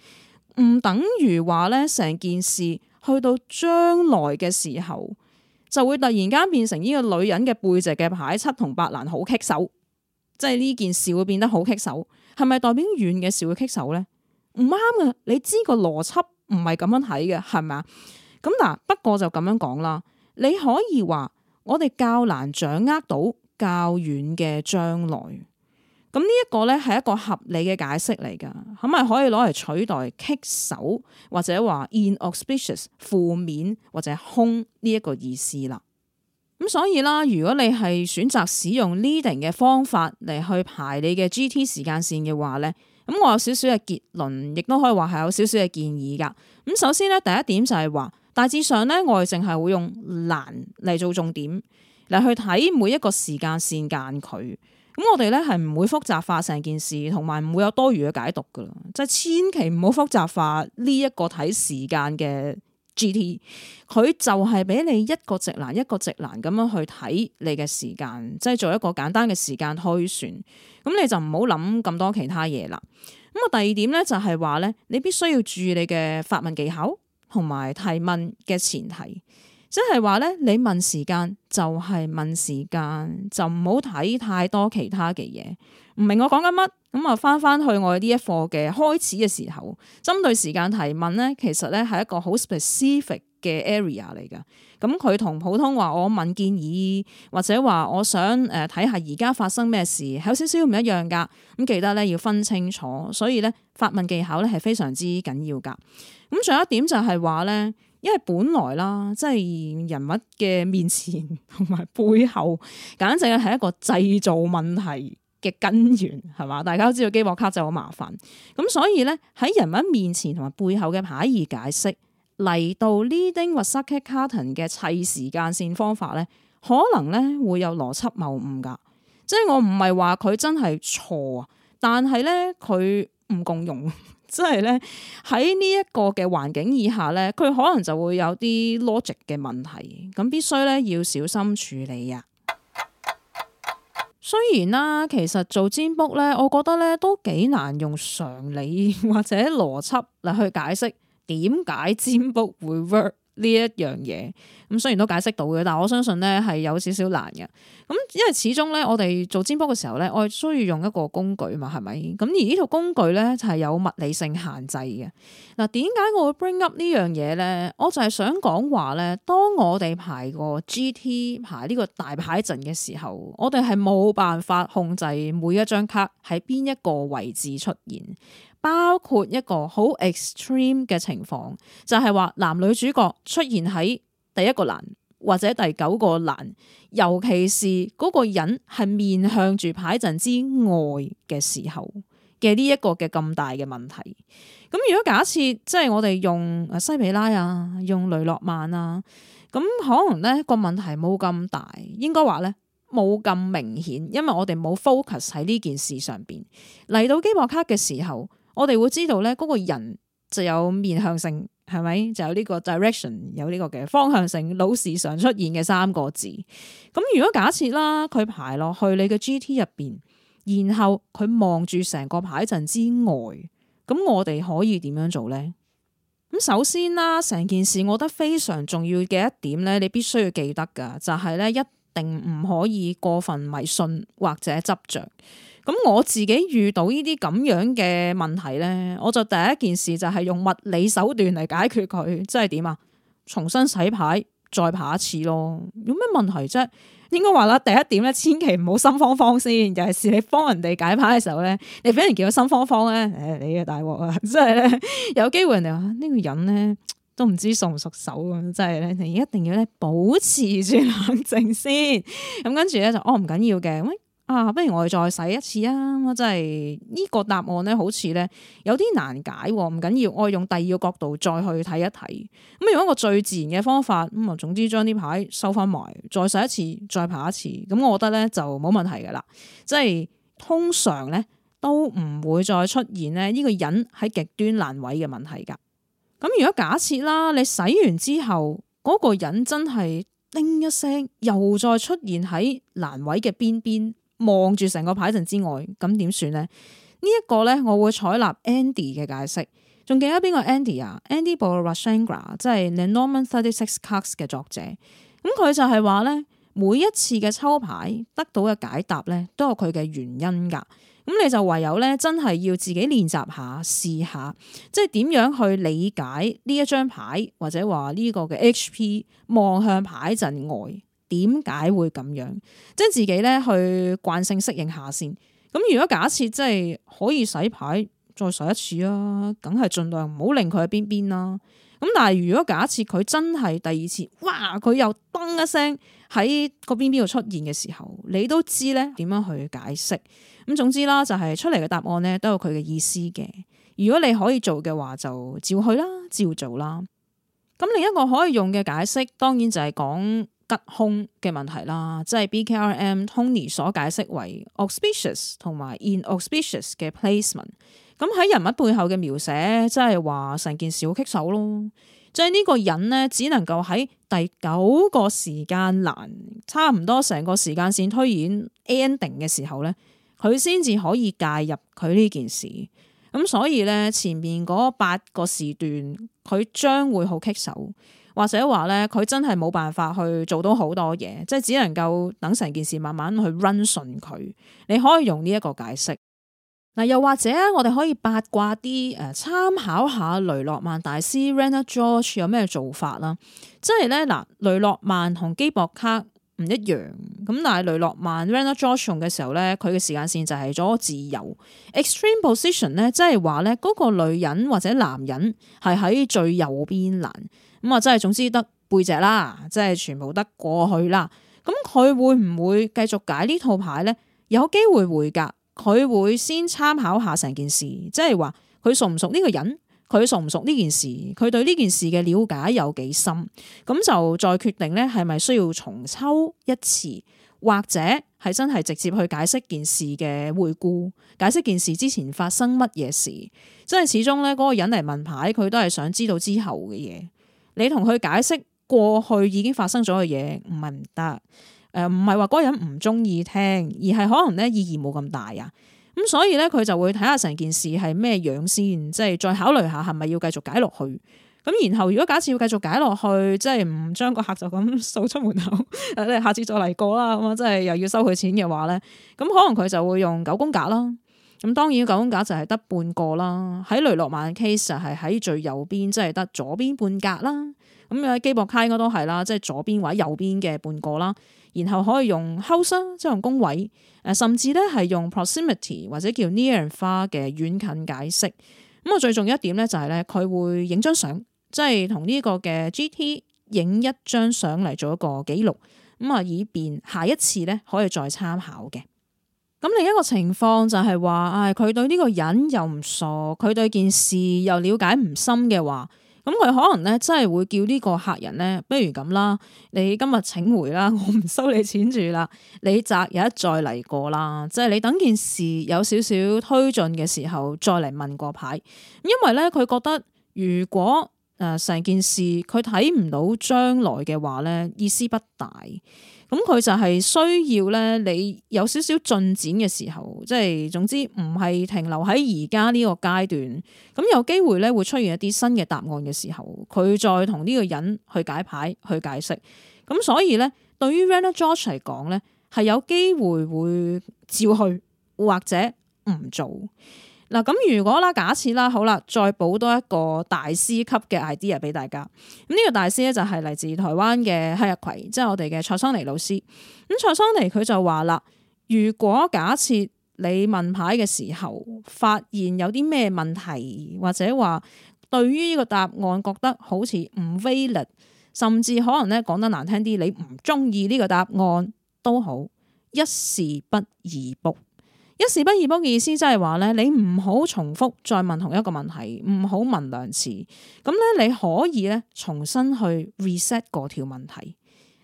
Speaker 1: 唔等於話咧，成件事去到將來嘅時候，就會突然間變成呢個女人嘅背脊嘅排七同八蘭好棘手，即係呢件事會變得好棘手，係咪代表遠嘅事會棘手咧？唔啱嘅，你知個邏輯唔係咁樣睇嘅，係咪啊？咁嗱，不過就咁樣講啦，你可以話我哋較難掌握到較遠嘅將來。咁呢一個咧係一個合理嘅解釋嚟噶，咁咪可以攞嚟取代棘手或者話 inauspicious 負面或者空呢一個意思啦。咁所以啦，如果你係選擇使用 leading 嘅方法嚟去排你嘅 G T 時間線嘅話咧，咁我有少少嘅結論，亦都可以話係有少少嘅建議噶。咁首先咧，第一點就係話大致上咧，我哋淨係會用難嚟做重點嚟去睇每一個時間線間距。咁我哋咧係唔會複雜化成件事，同埋唔會有多餘嘅解讀噶啦，即係千祈唔好複雜化呢一個睇時間嘅 GT，佢就係俾你一個直欄一個直欄咁樣去睇你嘅時間，即係做一個簡單嘅時間推算。咁你就唔好諗咁多其他嘢啦。咁啊，第二點咧就係話咧，你必須要注意你嘅發問技巧同埋提問嘅前提。即係話咧，你問時間就係、是、問時間，就唔好睇太多其他嘅嘢。唔明我講緊乜？咁啊翻翻去我呢一課嘅開始嘅時候，針對時間提問咧，其實咧係一個好 specific 嘅 area 嚟噶。咁佢同普通話我問建議或者話我想誒睇下而家發生咩事，有少少唔一樣噶。咁記得咧要分清楚，所以咧發問技巧咧係非常之緊要噶。咁仲有一點就係話咧。因為本來啦，即係人物嘅面前同埋背後，簡直咧係一個製造問題嘅根源，係嘛？大家都知道機博卡就好麻煩，咁所以咧喺人物面前同埋背後嘅牌意解釋，嚟到呢丁沃塞卡 carton 嘅砌時間線方法咧，可能咧會有邏輯謬誤噶，即係我唔係話佢真係錯啊，但係咧佢唔共用。即係咧喺呢一個嘅環境以下咧，佢可能就會有啲 logic 嘅問題，咁必須咧要小心處理啊。 [NOISE] 雖然啦，其實做占卜咧，我覺得咧都幾難用常理或者邏輯嚟去解釋點解占卜會 work。呢一樣嘢，咁雖然都解釋到嘅，但我相信呢係有少少難嘅。咁因為始終呢，我哋做煎波嘅時候呢，我係需要用一個工具嘛，係咪？咁而呢套工具呢，就係有物理性限制嘅。嗱，點解我會 bring up 呢樣嘢呢？我就係想講話呢，當我哋排個 GT 排呢個大牌陣嘅時候，我哋係冇辦法控制每一張卡喺邊一個位置出現。包括一個好 extreme 嘅情況，就係話男女主角出現喺第一個欄或者第九個欄，尤其是嗰個人係面向住牌陣之外嘅時候嘅呢一個嘅咁大嘅問題。咁如果假設即係我哋用西比拉啊，用雷諾曼啊，咁可能呢個問題冇咁大，應該話呢冇咁明顯，因為我哋冇 focus 喺呢件事上邊。嚟到基博卡嘅時候。我哋會知道呢，嗰個人就有面向性，係咪？就有呢個 direction，有呢個嘅方向性，老時常出現嘅三個字。咁如果假設啦，佢排落去你嘅 GT 入邊，然後佢望住成個牌陣之外，咁我哋可以點樣做呢？咁首先啦，成件事我覺得非常重要嘅一點呢，你必須要記得噶，就係呢，一定唔可以過分迷信或者執着。咁我自己遇到呢啲咁樣嘅問題咧，我就第一件事就係用物理手段嚟解決佢，即係點啊？重新洗牌再拍一次咯。有咩問題啫？應該話啦，第一點咧，千祈唔好心慌慌先。尤其是你幫人哋解牌嘅時候咧，你俾人叫到心慌慌咧，誒，你啊大鑊啊！即係咧，有機會人哋話呢個人咧都唔知熟唔熟手咁，即係咧，你一定要咧保持住冷靜先。咁跟住咧就哦唔緊要嘅。啊！不如我哋再洗一次啊！真係呢個答案咧，好似咧有啲難解。唔緊要，我用第二個角度再去睇一睇。咁用一個最自然嘅方法咁啊，總之將啲牌收翻埋，再洗一次，再排一次。咁我覺得咧就冇問題噶啦。即係通常咧都唔會再出現咧呢個人喺極端難位嘅問題噶。咁如果假設啦，你洗完之後嗰個人真係叮一聲，又再出現喺難位嘅邊邊。望住成個牌陣之外，咁點算呢？呢、這、一個呢，我會採納 Andy 嘅解釋。仲記得邊個 and Andy 啊？Andy Boroveshengra，即係 Lenormand Thirty Six Cards 嘅作者。咁、嗯、佢就係話呢每一次嘅抽牌得到嘅解答呢，都有佢嘅原因㗎。咁你就唯有呢，真係要自己練習下，試下即係點樣去理解呢一張牌，或者話呢個嘅 HP 望向牌陣外。點解會咁樣？即係自己咧，去慣性適應下先。咁如果假設即係可以洗牌再洗一次啊，梗係盡量唔好令佢喺邊邊啦。咁但係如果假設佢真係第二次，哇！佢又噔一聲喺個邊邊度出現嘅時候，你都知咧，點樣去解釋。咁總之啦，就係出嚟嘅答案咧，都有佢嘅意思嘅。如果你可以做嘅話，就照去啦，照做啦。咁另一個可以用嘅解釋，當然就係講吉凶嘅問題啦，即係 BKRM Tony 所解釋為 auspicious 同埋 inauspicious 嘅 placement。咁喺人物背後嘅描寫，即係話成件事好棘手咯。即係呢個人呢，只能夠喺第九個時間欄，差唔多成個時間線推演 ending 嘅時候呢，佢先至可以介入佢呢件事。咁所以呢，前面嗰八個時段，佢將會好棘手。或者話咧，佢真係冇辦法去做到好多嘢，即係只能夠等成件事慢慢去 run 順佢。你可以用呢一個解釋。嗱，又或者我哋可以八卦啲誒，參考下雷諾曼大師 Rana George 有咩做法啦。即係咧，嗱，雷諾曼同基博卡唔一樣咁，但係雷諾曼 Rana George 用嘅時候咧，佢嘅時間線就係咗自由 extreme position 咧，即係話咧嗰個女人或者男人係喺最右邊欄。咁啊，真係總之得背脊啦，即係全部得過去啦。咁佢會唔會繼續解呢套牌咧？有機會會噶，佢會先參考下成件事，即係話佢熟唔熟呢個人，佢熟唔熟呢件事，佢對呢件事嘅了解有幾深，咁就再決定咧係咪需要重抽一次，或者係真係直接去解釋件事嘅回顧，解釋件事之前發生乜嘢事。即係始終咧，嗰個人嚟問牌，佢都係想知道之後嘅嘢。你同佢解釋過去已經發生咗嘅嘢，唔係唔得，誒唔係話嗰個人唔中意聽，而係可能咧意義冇咁大啊，咁所以咧佢就會睇下成件事係咩樣先，即係再考慮下係咪要繼續解落去，咁然後如果假設要繼續解落去，即係唔將個客就咁掃出門口，誒， [LAUGHS] 下次再嚟過啦，咁啊，即係又要收佢錢嘅話咧，咁可能佢就會用九宮格咯。咁當然九宮格就係得半個啦，喺雷諾曼嘅 case 就係喺最右邊，即係得左邊半格啦。咁你喺基博卡應該都係啦，即係左邊或者右邊嘅半個啦。然後可以用 house 即係用宮位，誒甚至咧係用 proximity 或者叫 near and far 嘅遠近解釋。咁啊，最重要一點咧就係咧，佢會影張相，即係同呢個嘅 GT 影一張相嚟做一個記錄。咁啊，以便下一次咧可以再參考嘅。咁另一個情況就係話，唉、哎，佢對呢個人又唔熟，佢對件事又了解唔深嘅話，咁佢可能咧真係會叫呢個客人咧，不如咁啦，你今日請回啦，我唔收你錢住啦，你擇日再嚟過啦，即係你等件事有少少推進嘅時候再嚟問個牌，因為咧佢覺得如果誒成件事佢睇唔到將來嘅話咧，意思不大。咁佢就係需要咧，你有少少進展嘅時候，即係總之唔係停留喺而家呢個階段，咁有機會咧會出現一啲新嘅答案嘅時候，佢再同呢個人去解牌、去解釋。咁所以咧，對於 Renaud George 嚟講咧，係有機會會照去或者唔做。嗱咁，如果啦，假設啦，好啦，再補多一個大師級嘅 idea 俾大家。咁、這、呢個大師咧就係嚟自台灣嘅黑日葵，即係我哋嘅蔡桑尼老師。咁蔡桑尼佢就話啦，如果假設你問牌嘅時候發現有啲咩問題，或者話對於呢個答案覺得好似唔 valid，甚至可能咧講得難聽啲，你唔中意呢個答案都好，一事不宜卜。一事不宜 b 嘅意思即係話咧，你唔好重複再問同一個問題，唔好問兩次。咁咧，你可以咧重新去 reset 嗰條問題，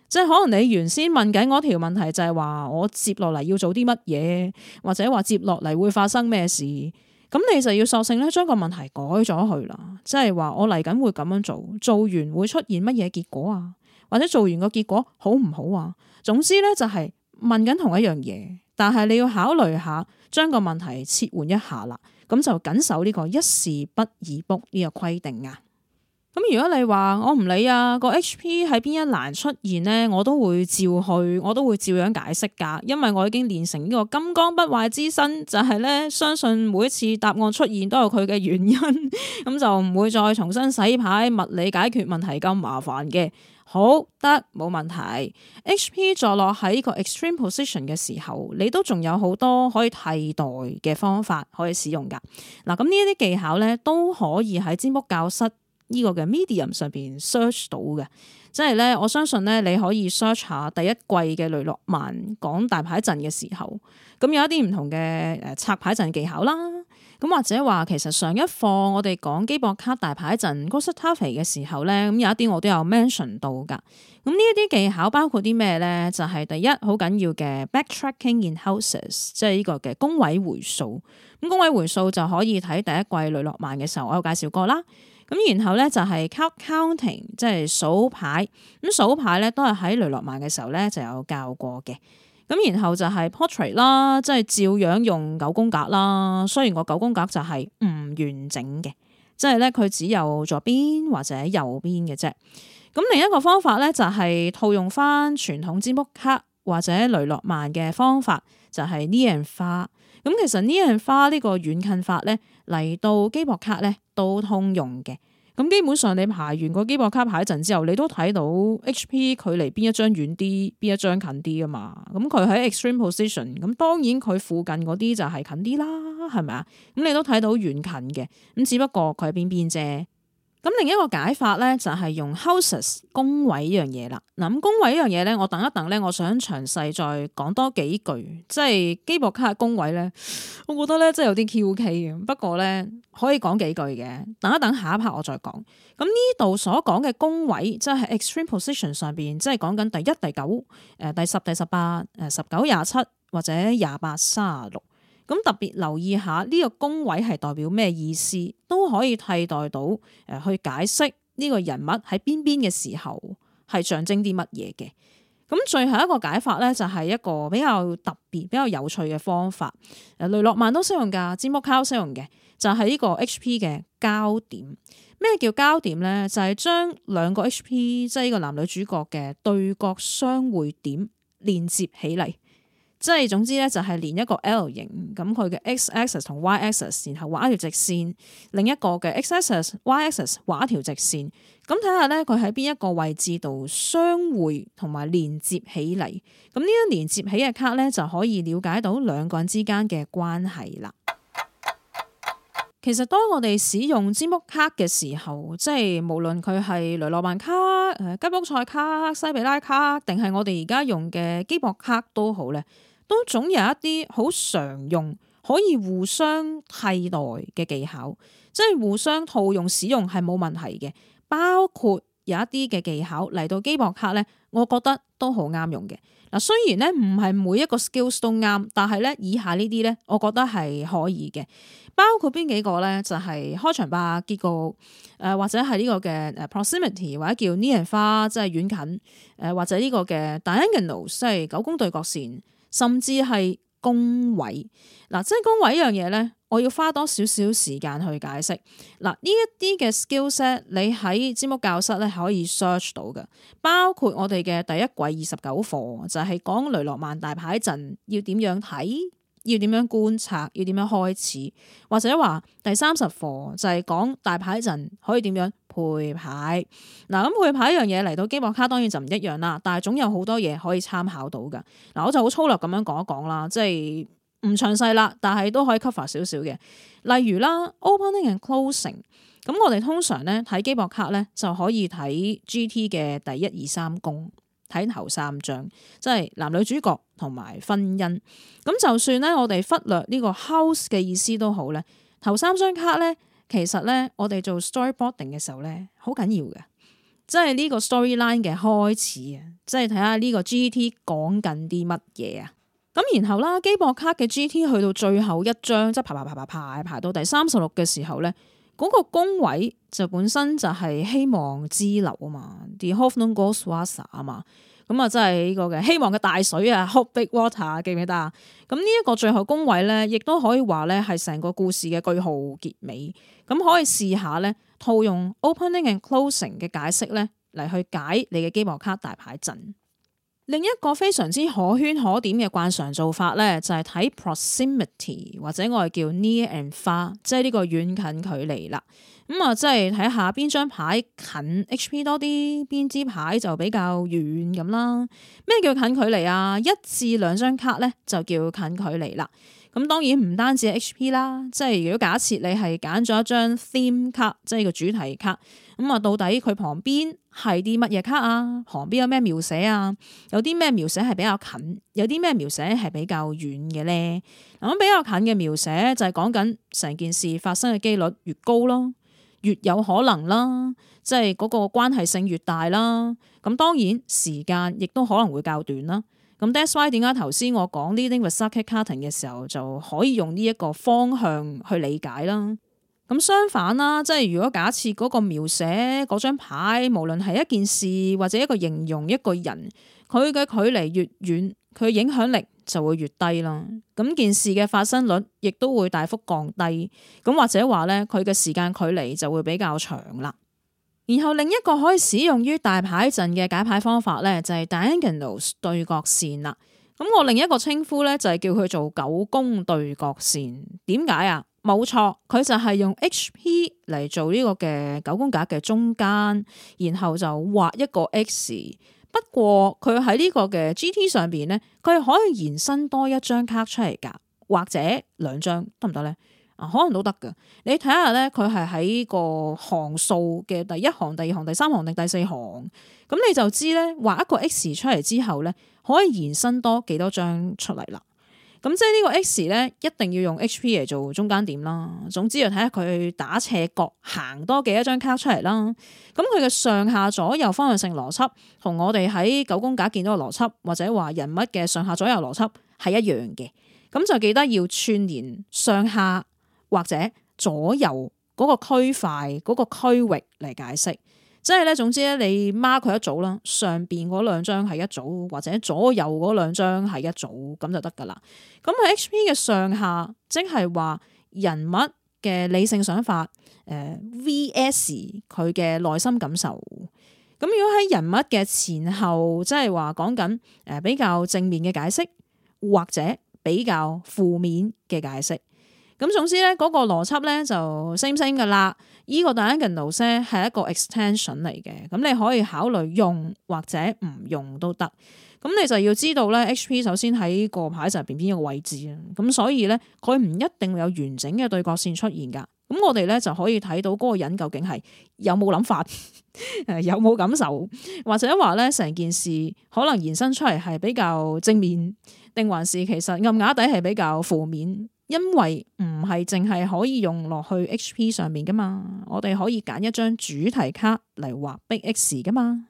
Speaker 1: 即係可能你原先問緊嗰條問題就係話我接落嚟要做啲乜嘢，或者話接落嚟會發生咩事。咁你就要索性咧將個問題改咗去啦，即係話我嚟緊會咁樣做，做完會出現乜嘢結果啊？或者做完個結果好唔好啊？總之咧就係問緊同一樣嘢。但係你要考慮下，將個問題切換一下啦，咁就謹守呢、這個一事不二卜呢、這個規定啊。咁如果你話我唔理啊，個 HP 喺邊一欄出現呢，我都會照去，我都會照樣解釋噶。因為我已經練成呢個金剛不壞之身，就係、是、呢相信每一次答案出現都有佢嘅原因，咁 [LAUGHS] 就唔會再重新洗牌、物理解決問題咁麻煩嘅。好得，冇問題。HP 坐落喺呢個 extreme position 嘅時候，你都仲有好多可以替代嘅方法可以使用噶。嗱，咁呢一啲技巧咧都可以喺占卜教室呢個嘅 medium 上邊 search 到嘅。即係咧，我相信咧你可以 search 下第一季嘅雷諾曼講大牌陣嘅時候，咁有一啲唔同嘅誒拆牌陣技巧啦。咁或者話，其實上一課我哋講基博卡大牌陣 g u s t a v i 嘅時候咧，咁有一啲我都有 mention 到㗎。咁呢一啲技巧包括啲咩咧？就係第一好緊要嘅 backtracking in houses，即係呢個嘅工位回數。咁工位回數就可以睇第一季雷諾曼嘅時候，我有介紹過啦。咁然後咧就係 card counting，即係數牌。咁數牌咧都係喺雷諾曼嘅時候咧就有教過嘅。咁然後就係 portrait 啦，即係照樣用九宮格啦。雖然個九宮格就係唔完整嘅，即係咧佢只有左邊或者右邊嘅啫。咁另一個方法咧就係套用翻傳統占卜卡或者雷諾曼嘅方法，就係呢樣花。咁其實呢樣花呢個遠近法咧嚟到基博卡咧都通用嘅。咁基本上你排完個基博卡排一陣之後，你都睇到 HP 距離邊一張遠啲，邊一張近啲吖嘛？咁佢喺 extreme position，咁當然佢附近嗰啲就係近啲啦，係咪啊？咁你都睇到遠近嘅，咁只不過佢喺邊邊啫。咁另一個解法咧，就係用 houses 工位一樣嘢啦。咁工位一樣嘢咧，我等一等咧，我想詳細再講多幾句。即係基博卡工位咧，我覺得咧真係有啲 Q K 嘅。不過咧，可以講幾句嘅。等一等下一 part 我再講。咁呢度所講嘅工位，即係 extreme position 上邊，即係講緊第一、第九、誒第、第十、第十八、誒十九、廿七或者廿八、卅六。咁特別留意下呢，這個宮位係代表咩意思，都可以替代到誒去解釋呢個人物喺邊邊嘅時候係象徵啲乜嘢嘅。咁最後一個解法咧就係一個比較特別、比較有趣嘅方法。誒雷諾曼都使用噶，詹摩卡爾使用嘅就係、是、呢個 H.P. 嘅交點。咩叫交點咧？就係將兩個 H.P. 即係呢個男女主角嘅對角相會點連接起嚟。即係總之咧，就係連一個 L 型咁，佢嘅 x axis 同 y axis，然後畫一條直線；另一個嘅 x axis、y axis 畫一條直線，咁睇下咧佢喺邊一個位置度相會同埋連接起嚟。咁呢一連接起嘅卡咧，就可以了解到兩個人之間嘅關係啦。其實當我哋使用積木卡嘅時候，即係無論佢係雷諾曼卡、吉卜賽卡、西比拉卡，定係我哋而家用嘅基博卡都好咧。都總有一啲好常用可以互相替代嘅技巧，即係互相套用使用係冇問題嘅。包括有一啲嘅技巧嚟到基博卡咧，我覺得都好啱用嘅嗱。雖然咧唔係每一個 skills 都啱，但係咧以下呢啲咧，我覺得係可以嘅。包括邊幾個咧？就係、是、開場霸，結局，誒、呃、或者係呢個嘅誒 proximity 或者叫 near far，即係遠近誒、呃，或者呢個嘅 diagonal 即係九宮對角線。甚至係恭維，嗱，即係恭維呢樣嘢咧，我要花多少少時間去解釋。嗱，呢一啲嘅 skillset，你喺占屋教室咧可以 search 到嘅，包括我哋嘅第一季二十九課就係講雷諾曼大牌陣要點樣睇，要點樣觀察，要點樣開始，或者話第三十課就係講大牌陣可以點樣配牌嗱。咁、嗯、配牌一樣嘢嚟到基博卡，當然就唔一樣啦。但係總有好多嘢可以參考到噶。嗱、嗯，我就好粗略咁樣講一講啦，即係唔詳細啦，但係都可以 cover 少少嘅。例如啦，opening and closing，咁我哋通常咧睇基博卡咧就可以睇 GT 嘅第一二三宮，睇頭三張，即係男女主角同埋婚姻。咁、嗯、就算咧我哋忽略呢個 house 嘅意思都好咧，頭三張卡咧。其實咧，我哋做 storyboarding 嘅時候咧，好緊要嘅，即係呢個 storyline 嘅開始啊，即係睇下呢個 GT 講緊啲乜嘢啊，咁然後啦，機博卡嘅 GT 去到最後一張，即係排排排排排，排，排到第三十六嘅時候咧，嗰、那個工位就本身就係希望支流啊嘛，the Hoffnungswasser 啊嘛。咁啊，真係呢個嘅希望嘅大水啊，Hope big water 記唔記得啊？咁呢一個最後工位呢，亦都可以話呢係成個故事嘅句號結尾。咁可以試下呢套用 opening and closing 嘅解釋呢，嚟去解你嘅基博卡大牌陣。另一個非常之可圈可點嘅慣常做法呢，就係、是、睇 proximity 或者我哋叫 near and far，即係呢個遠近距離啦。咁啊，即係睇下邊張牌近 HP 多啲，邊支牌就比較遠咁啦。咩叫近距離啊？一至兩張卡咧就叫近距離啦。咁當然唔單止 HP 啦，即係如果假設你係揀咗一張 Theme 卡，即係個主題卡，咁啊，到底佢旁邊係啲乜嘢卡啊？旁邊有咩描寫啊？有啲咩描寫係比較近，有啲咩描寫係比較遠嘅咧？咁比較近嘅描寫就係講緊成件事發生嘅幾率越高咯。越有可能啦，即係嗰個關係性越大啦。咁當然時間亦都可能會較短啦。咁 [NOISE] that's why 點解頭先我講 leading with socket cutting 嘅時候就可以用呢一個方向去理解啦。咁 [NOISE] 相反啦，即係如果假設嗰個描寫嗰張牌，無論係一件事或者一個形容一個人，佢嘅距離越遠，佢嘅影響力就會越低咯，咁件事嘅發生率亦都會大幅降低，咁或者話呢，佢嘅時間距離就會比較長啦。然後另一個可以使用於大牌陣嘅解牌方法呢，就係 diagonals 對角線啦。咁我另一個稱呼呢，就係叫佢做九宮對角線。點解啊？冇錯，佢就係用 HP 嚟做呢個嘅九宮格嘅中間，然後就畫一個 X。不過佢喺呢個嘅 GT 上邊咧，佢可以延伸多一張卡出嚟噶，或者兩張得唔得咧？啊，可能都得噶。你睇下咧，佢係喺個行數嘅第一行、第二行、第三行定第四行，咁你就知咧，畫一個 X 出嚟之後咧，可以延伸多幾多張出嚟啦。咁即係呢個 X 咧，一定要用 HP 嚟做中間點啦。總之就睇下佢打斜角行多幾多張卡出嚟啦。咁佢嘅上下左右方向性邏輯，同我哋喺九宮格見到嘅邏輯，或者話人物嘅上下左右邏輯係一樣嘅。咁就記得要串連上下或者左右嗰個區塊嗰個區域嚟解釋。即係咧，總之咧，你 mark 佢一組啦，上邊嗰兩張係一組，或者左右嗰兩張係一組咁就得噶啦。咁喺 H.P. 嘅上下，即係話人物嘅理性想法，呃，V.S. 佢嘅內心感受。咁如果喺人物嘅前後，即係話講緊比較正面嘅解釋，或者比較負面嘅解釋，咁總之呢，嗰、嗰個邏輯呢就 sim sim 噶啦。依個 diagonal 咧係一個 extension 嚟嘅，咁你可以考慮用或者唔用都得，咁你就要知道咧，HP 首先喺個牌上邊邊個位置啊，咁所以咧，佢唔一定會有完整嘅對角線出現噶，咁我哋咧就可以睇到嗰個人究竟係有冇諗法，誒 [LAUGHS] 有冇感受，或者話咧成件事可能延伸出嚟係比較正面，定還是其實暗瓦底係比較負面。因為唔係淨係可以用落去 HP 上面噶嘛，我哋可以揀一張主題卡嚟畫 BX 噶嘛。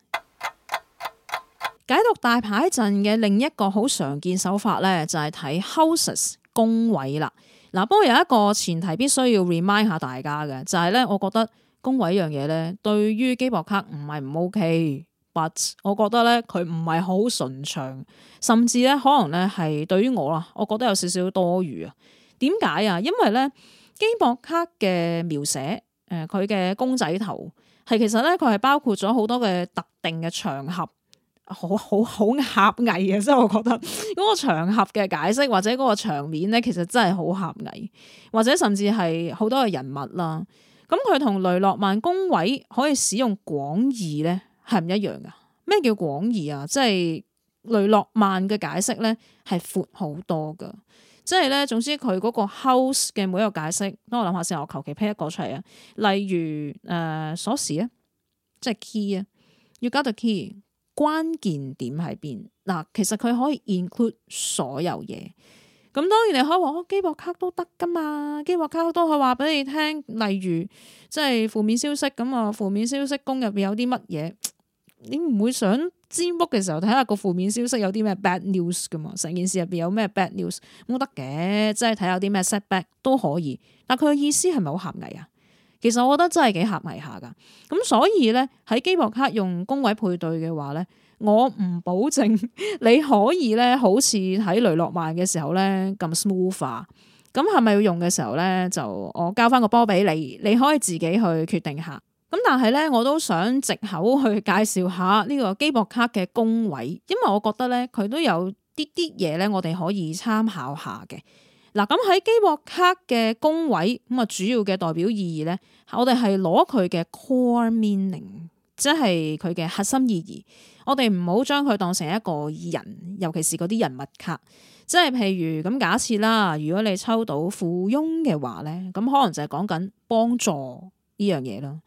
Speaker 1: 解讀大牌陣嘅另一個好常見手法呢，就係睇 houses 宮位啦。嗱，不過有一個前提必須要 remind 下大家嘅，就係呢：我覺得宮位呢樣嘢呢，對於機博卡唔係唔 OK，but 我覺得呢，佢唔係好順暢，甚至呢，可能呢係對於我啦，我覺得有少少多餘啊。點解啊？因為咧，基博克嘅描寫，誒、呃，佢嘅公仔頭係其實咧，佢係包括咗好多嘅特定嘅場合，好好好狹隘嘅。所以我覺得嗰個場合嘅解釋或者嗰個場面咧，其實真係好狹隘，或者甚至係好多嘅人物啦。咁佢同雷諾曼宮位可以使用廣義咧，係唔一樣噶。咩叫廣義啊？即係雷諾曼嘅解釋咧，係闊好多噶。即係咧，總之佢嗰個 house 嘅每一個解釋，等我諗下先，我求其 pick 一個出嚟啊。例如誒、呃、鎖匙啊，即係 key 啊，要加代 key 關鍵點喺邊嗱。其實佢可以 include 所有嘢。咁當然你可以話哦、基博卡都得噶嘛，基博卡都可話俾你聽。例如即係負面消息，咁啊負面消息宮入邊有啲乜嘢，你唔會想？占卜嘅時候睇下個負面消息有啲咩 bad news 噶嘛，成件事入邊有咩 bad news 都得嘅，即係睇下啲咩 setback 都可以。但佢嘅意思係咪好狹隘啊？其實我覺得真係幾狹隘下噶。咁所以咧，喺基博卡用工位配對嘅話咧，我唔保證你可以咧，好似喺雷諾曼嘅時候咧咁 smooth 化。咁係咪要用嘅時候咧，就我交翻個波俾你，你可以自己去決定下。咁但係咧，我都想藉口去介紹下呢個基博卡嘅工位，因為我覺得咧佢都有啲啲嘢咧，我哋可以參考下嘅。嗱，咁喺基博卡嘅工位，咁啊主要嘅代表意義咧，我哋係攞佢嘅 core meaning，即係佢嘅核心意義。我哋唔好將佢當成一個人，尤其是嗰啲人物卡，即係譬如咁假設啦，如果你抽到富翁嘅話咧，咁可能就係講緊幫助呢樣嘢咯。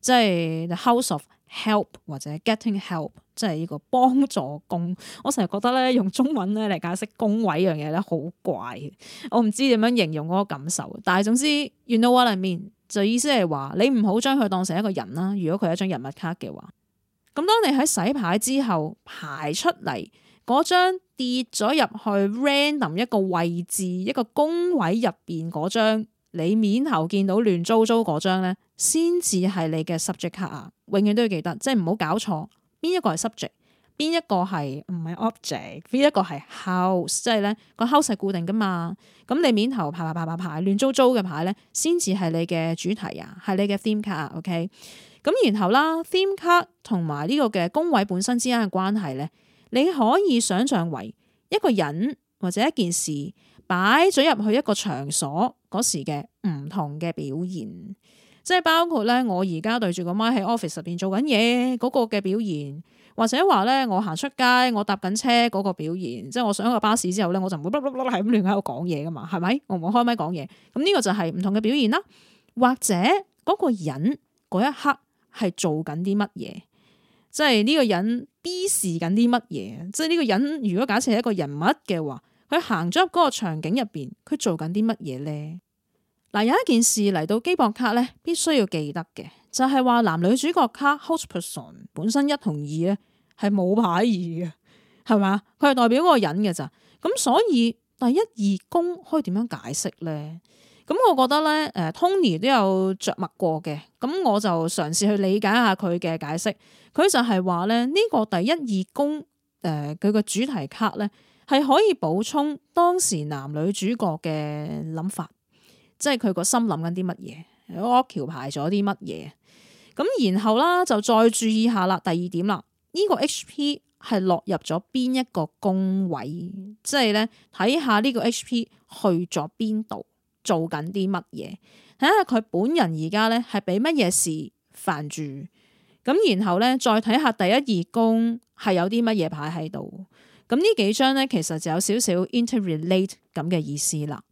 Speaker 1: 即係 House of Help 或者 Getting Help，即係呢個幫助宮。我成日覺得咧，用中文咧嚟解釋宮位一樣嘢咧，好怪，我唔知點樣形容嗰個感受。但係總之，under you know what I mean 就意思係話你唔好將佢當成一個人啦。如果佢係一張人物卡嘅話，咁當你喺洗牌之後排出嚟嗰張跌咗入去 random 一個位置一個宮位入邊嗰張。你面頭見到亂糟糟嗰張咧，先至係你嘅 subject 卡啊！永遠都要記得，即係唔好搞錯邊一個係 subject，邊一個係唔係 object，邊一個係 house，即係咧、呢個 house 係固定噶嘛。咁你面頭排排排排排亂糟糟嘅牌咧，先至係你嘅主題啊，係你嘅 theme 卡啊。OK，咁然後啦 [LAUGHS] ，theme 卡同埋呢個嘅工位本身之間嘅關係咧，你可以想象為一個人或者一件事。擺咗入去一個場所嗰時嘅唔同嘅表現，即係包括咧，我而家對住個麥喺 office 入邊做緊嘢嗰個嘅表現，或者話咧，我行出街我搭緊車嗰個表現，即係我上咗個巴士之後咧，我就唔會碌碌碌係咁亂喺度講嘢噶嘛，係咪？我唔開麥講嘢，咁呢個就係唔同嘅表現啦。或者嗰個人嗰一刻係做緊啲乜嘢？即係呢個人鄙視緊啲乜嘢？即係呢個人如果假設係一個人物嘅話。佢行咗入嗰個場景入邊，佢做緊啲乜嘢呢？嗱，有一件事嚟到基博卡咧，必須要記得嘅，就係話男女主角卡 （host person） 本身一同二咧係冇牌二嘅，係嘛？佢係代表嗰個人嘅咋，咁所以第一二宮可以點樣解釋呢？咁我覺得咧，誒，Tony 都有着墨過嘅，咁我就嘗試去理解下佢嘅解釋。佢就係話咧呢個第一二宮，誒，佢個主題卡咧。係可以補充當時男女主角嘅諗法，即係佢個心諗緊啲乜嘢，屋橋排咗啲乜嘢，咁然後啦就再注意下啦，第二點啦，呢個 H P 係落入咗邊一個宮位，即係咧睇下呢個 H P 去咗邊度，做緊啲乜嘢，睇下佢本人而家咧係俾乜嘢事煩住，咁然後咧再睇下第一二宮，係有啲乜嘢牌喺度。咁呢幾章呢，其實就有少少 interrelate 咁嘅意思啦。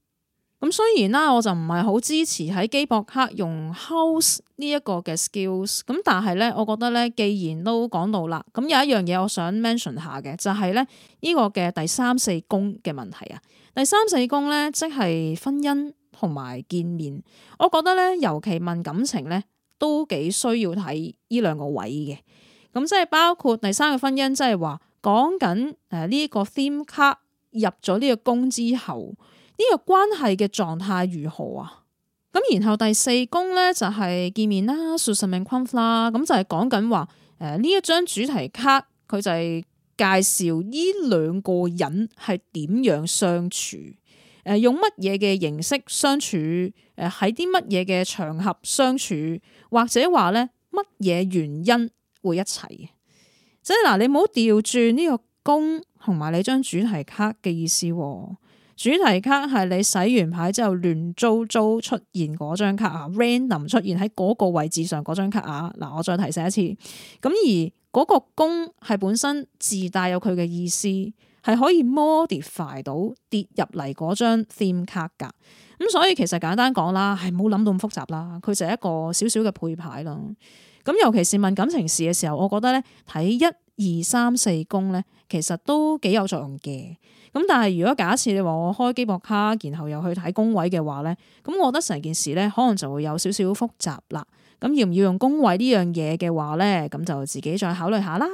Speaker 1: 咁雖然啦，我就唔係好支持喺基博克用 house 呢一個嘅 skills，咁但係呢，我覺得呢，既然都講到啦，咁有一樣嘢我想 mention 下嘅，就係呢呢個嘅第三四宮嘅問題啊。第三四宮呢，即係婚姻同埋見面。我覺得呢，尤其問感情呢，都幾需要睇呢兩個位嘅。咁即係包括第三個婚姻，即係話。講緊誒呢個 theme 卡入咗呢個宮之後，呢、這個關係嘅狀態如何啊？咁然後第四宮咧就係見面啦 s u i 坤 i 啦，咁就係講緊話誒呢一張主題卡，佢就係介紹呢兩個人係點樣相處，誒用乜嘢嘅形式相處，誒喺啲乜嘢嘅場合相處，或者話咧乜嘢原因會一齊嘅。即係嗱，你唔好調轉呢個弓同埋你張主題卡嘅意思。主題卡係你洗完牌之後亂糟糟出現嗰張卡啊，random 出現喺嗰個位置上嗰張卡啊。嗱，我再提醒一次。咁而嗰個弓係本身自帶有佢嘅意思，係可以 modify 到跌入嚟嗰張 theme 卡㗎。咁所以其實簡單講啦，係冇諗到咁複雜啦。佢就係一個少少嘅配牌咯。咁尤其是問感情事嘅時候，我覺得咧睇一二三四宮咧，其實都幾有作用嘅。咁但係如果假設你話我開機博卡，然後又去睇宮位嘅話咧，咁我覺得成件事咧可能就會有少少複雜啦。咁要唔要用宮位呢樣嘢嘅話咧，咁就自己再考慮下啦。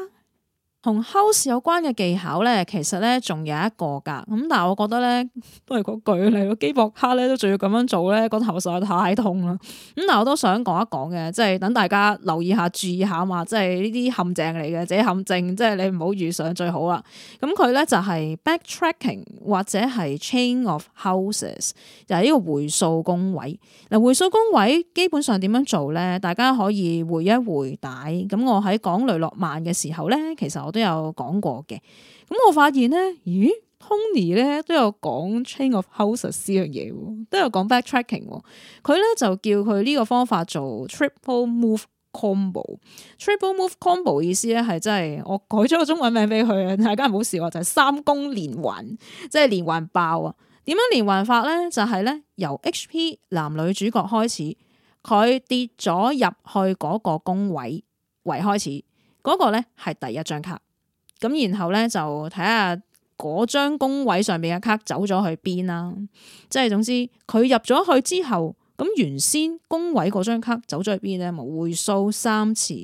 Speaker 1: 同 house 有關嘅技巧咧，其實咧仲有一個噶，咁但係我覺得咧都係嗰句你咯，基博卡咧都仲要咁樣做咧，嗰頭晒太痛啦。咁嗱，我都想講一講嘅，即係等大家留意下、注意下啊嘛，即係呢啲陷阱嚟嘅，這陷阱即係你唔好遇上最好啦。咁佢咧就係 backtracking 或者係 chain of houses，就係呢個回溯工位。嗱，回溯工位基本上點樣做咧？大家可以回一回帶。咁我喺講雷諾曼嘅時候咧，其實我我都有講過嘅，咁我發現咧，咦，Tony 咧都有講 chain of houses 呢樣嘢，都有講 backtracking、哦。佢咧就叫佢呢個方法做 triple move combo。triple move combo 意思咧係真係我改咗個中文名俾佢啊！大家唔好笑，就係、是、三公連環，即係連環爆啊！點樣連環法咧？就係、是、咧由 HP 男女主角開始，佢跌咗入去嗰個宮位位開始。嗰個咧係第一張卡，咁然後咧就睇下嗰張宮位上面嘅卡走咗去邊啦。即係總之佢入咗去之後，咁原先宮位嗰張卡走咗去邊咧，冇回數三次，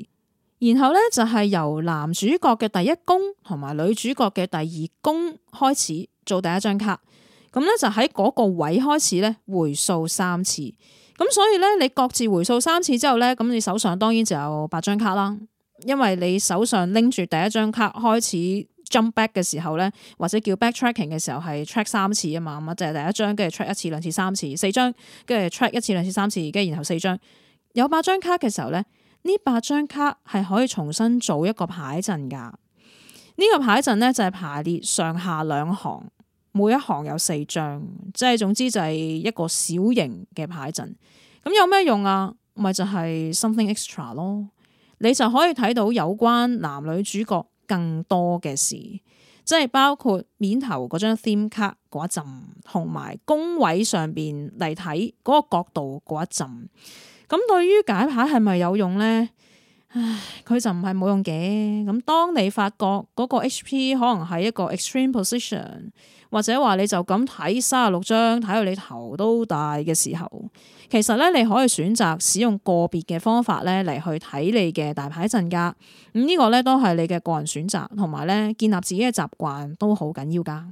Speaker 1: 然後咧就係由男主角嘅第一宮同埋女主角嘅第二宮開始做第一張卡，咁咧就喺嗰個位開始咧回數三次。咁所以咧，你各自回數三次之後咧，咁你手上當然就有八張卡啦。因為你手上拎住第一張卡開始 jump back 嘅時候呢，或者叫 backtracking 嘅時候係 check 三次啊嘛，咁啊就係、是、第一張跟住 check 一次、兩次、三次、四張，跟住 check 一次、兩次、三次，跟住然後四張有八張卡嘅時候呢，呢八張卡係可以重新做一個牌陣噶。呢、這個牌陣呢，就係排列上下兩行，每一行有四張，即係總之就係一個小型嘅牌陣。咁有咩用啊？咪就係、是、something extra 咯。你就可以睇到有關男女主角更多嘅事，即係包括面頭嗰張 theme 卡嗰一陣，同埋工位上邊嚟睇嗰個角度嗰一陣。咁對於解牌係咪有用呢？唉，佢就唔係冇用嘅。咁當你發覺嗰個 HP 可能係一個 extreme position，或者話你就咁睇三十六張睇到你頭都大嘅時候。其實咧，你可以選擇使用個別嘅方法咧嚟去睇你嘅大牌陣架。咁、這、呢個咧都係你嘅個人選擇，同埋咧建立自己嘅習慣都好緊要噶。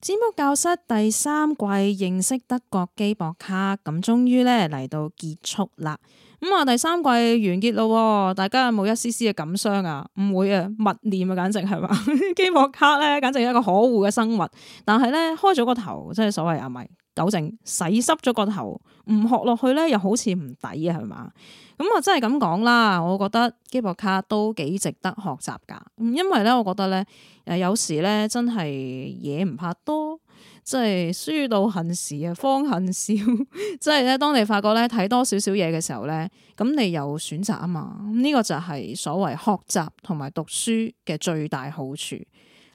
Speaker 1: 占卜 [NOISE] 教室第三季認識德國基博卡，咁終於咧嚟到結束啦。咁啊，第三季完結咯，大家有冇一絲絲嘅感傷啊？唔會啊，勿念啊，簡直係嘛！ [LAUGHS] 基博卡咧，簡直係一個可惡嘅生物。但係咧，開咗個頭，即係所謂阿咪。啊久剩洗濕咗個頭，唔學落去咧，又好似唔抵啊，係嘛？咁我真係咁講啦，我覺得基博卡都幾值得學習噶，咁因為咧，我覺得咧，誒有時咧真係嘢唔怕多，即係書到恨時啊方恨少，即係咧當你發覺咧睇多少少嘢嘅時候咧，咁你有選擇啊嘛，呢、這個就係所謂學習同埋讀書嘅最大好處。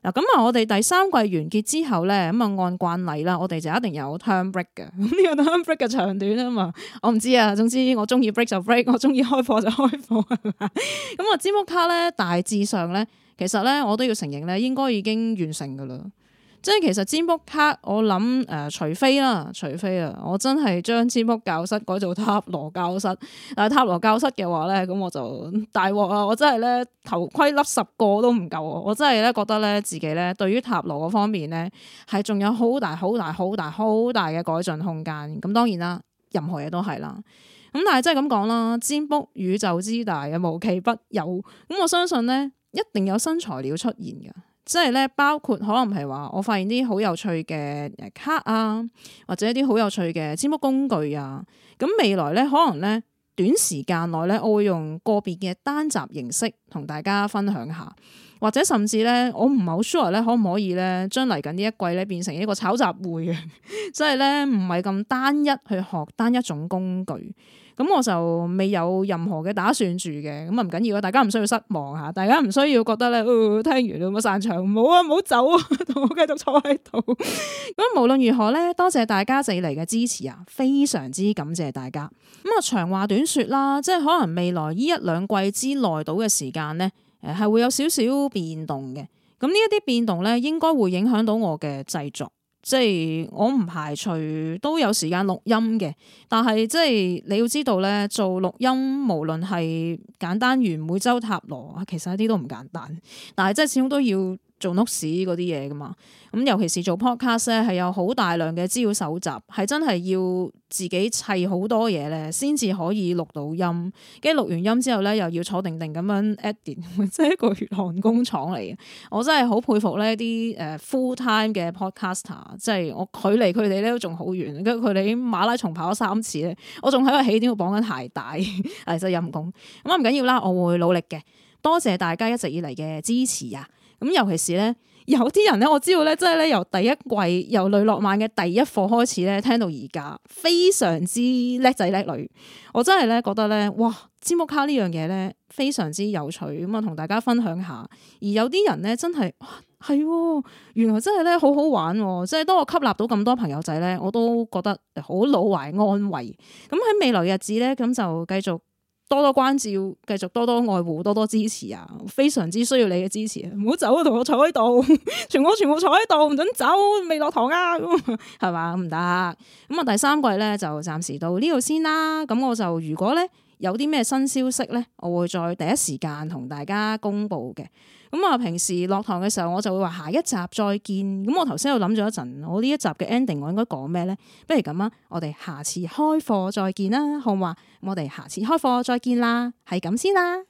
Speaker 1: 嗱，咁啊，我哋第三季完結之後咧，咁啊按慣例啦，我哋就一定有 time break 嘅。咁 [LAUGHS] 呢個 time break 嘅長短啊嘛，我唔知啊。總之我中意 break 就 break，我中意開課就開課。係咪啊？咁啊，支 [LAUGHS] 付卡咧大致上咧，其實咧我都要承認咧，應該已經完成噶啦。即係其實占卜卡，我諗誒、呃，除非啦，除非啊，我真係將占卜教室改做塔羅教室。但係塔羅教室嘅話咧，咁我就大鑊啊！我真係咧頭盔笠十個都唔夠啊！我真係咧覺得咧自己咧對於塔羅嗰方面咧係仲有好大好大好大好大嘅改進空間。咁當然啦，任何嘢都係啦。咁但係真係咁講啦，占卜宇宙之大，無奇不有。咁我相信咧，一定有新材料出現噶。即係咧，包括可能係話，我發現啲好有趣嘅卡啊，或者啲好有趣嘅占卜工具啊。咁未來咧，可能咧，短時間內咧，我會用個別嘅單集形式同大家分享下，或者甚至咧，我唔係好 sure 咧，可唔可以咧，將嚟緊呢一季咧，變成一個炒雜會嘅，即係咧，唔係咁單一去學單一種工具。咁我就未有任何嘅打算住嘅，咁啊，唔緊要啊，大家唔需要失望吓，大家唔需要覺得咧、哦，聽完你冇散場，唔好啊，唔好走啊，同 [LAUGHS] 我繼續坐喺度。咁 [LAUGHS] 無論如何咧，多謝大家借嚟嘅支持啊，非常之感謝大家。咁啊，長話短說啦，即係可能未來呢一兩季之內到嘅時間咧，誒係會有少少變動嘅。咁呢一啲變動咧，應該會影響到我嘅製作。即係我唔排除都有時間錄音嘅，但係即係你要知道咧，做錄音無論係簡單如每周塔羅啊，其實一啲都唔簡單，但係即係始終都要。做屋事嗰啲嘢噶嘛，咁尤其是做 podcast 咧，係有好大量嘅資料搜集，係真係要自己砌好多嘢咧，先至可以錄到音。跟住錄完音之後咧，又要坐定定咁樣 edit， [LAUGHS] 真係一個血汗工廠嚟嘅。我真係好佩服呢啲誒 full time 嘅 podcaster 即係我距離佢哋咧都仲好遠，跟住佢哋已經馬拉松跑咗三次咧，我仲喺個起點度綁緊鞋帶，係 [LAUGHS] 真係陰功。咁啊唔緊要啦，我會努力嘅。多謝大家一直以嚟嘅支持啊！咁尤其是咧，有啲人咧，我知道咧，即係咧，由第一季由雷諾曼嘅第一課開始咧，聽到而家非常之叻仔叻女，我真係咧覺得咧，哇，占卜卡呢樣嘢咧非常之有趣，咁啊同大家分享下。而有啲人咧真係，哇，係，原來真係咧好好玩，即係當我吸納到咁多朋友仔咧，我都覺得好老懷安慰。咁喺未來日子咧，咁就繼續。多多關照繼續多多愛護，多多支持啊！非常之需要你嘅支持，唔好走啊！同我坐喺度， [LAUGHS] 全我全部坐喺度，唔准走，未落堂啊！咁係嘛，唔得咁啊！我第三季咧就暫時到呢度先啦。咁我就如果咧有啲咩新消息咧，我會再第一時間同大家公布嘅。咁啊！平時落堂嘅時候，我就會話下一集再見。咁我頭先又諗咗一陣，我呢一集嘅 ending 我應該講咩咧？不如咁啊，我哋下次開課再見啦，好唔好啊？我哋下次開課再見啦，係咁先啦。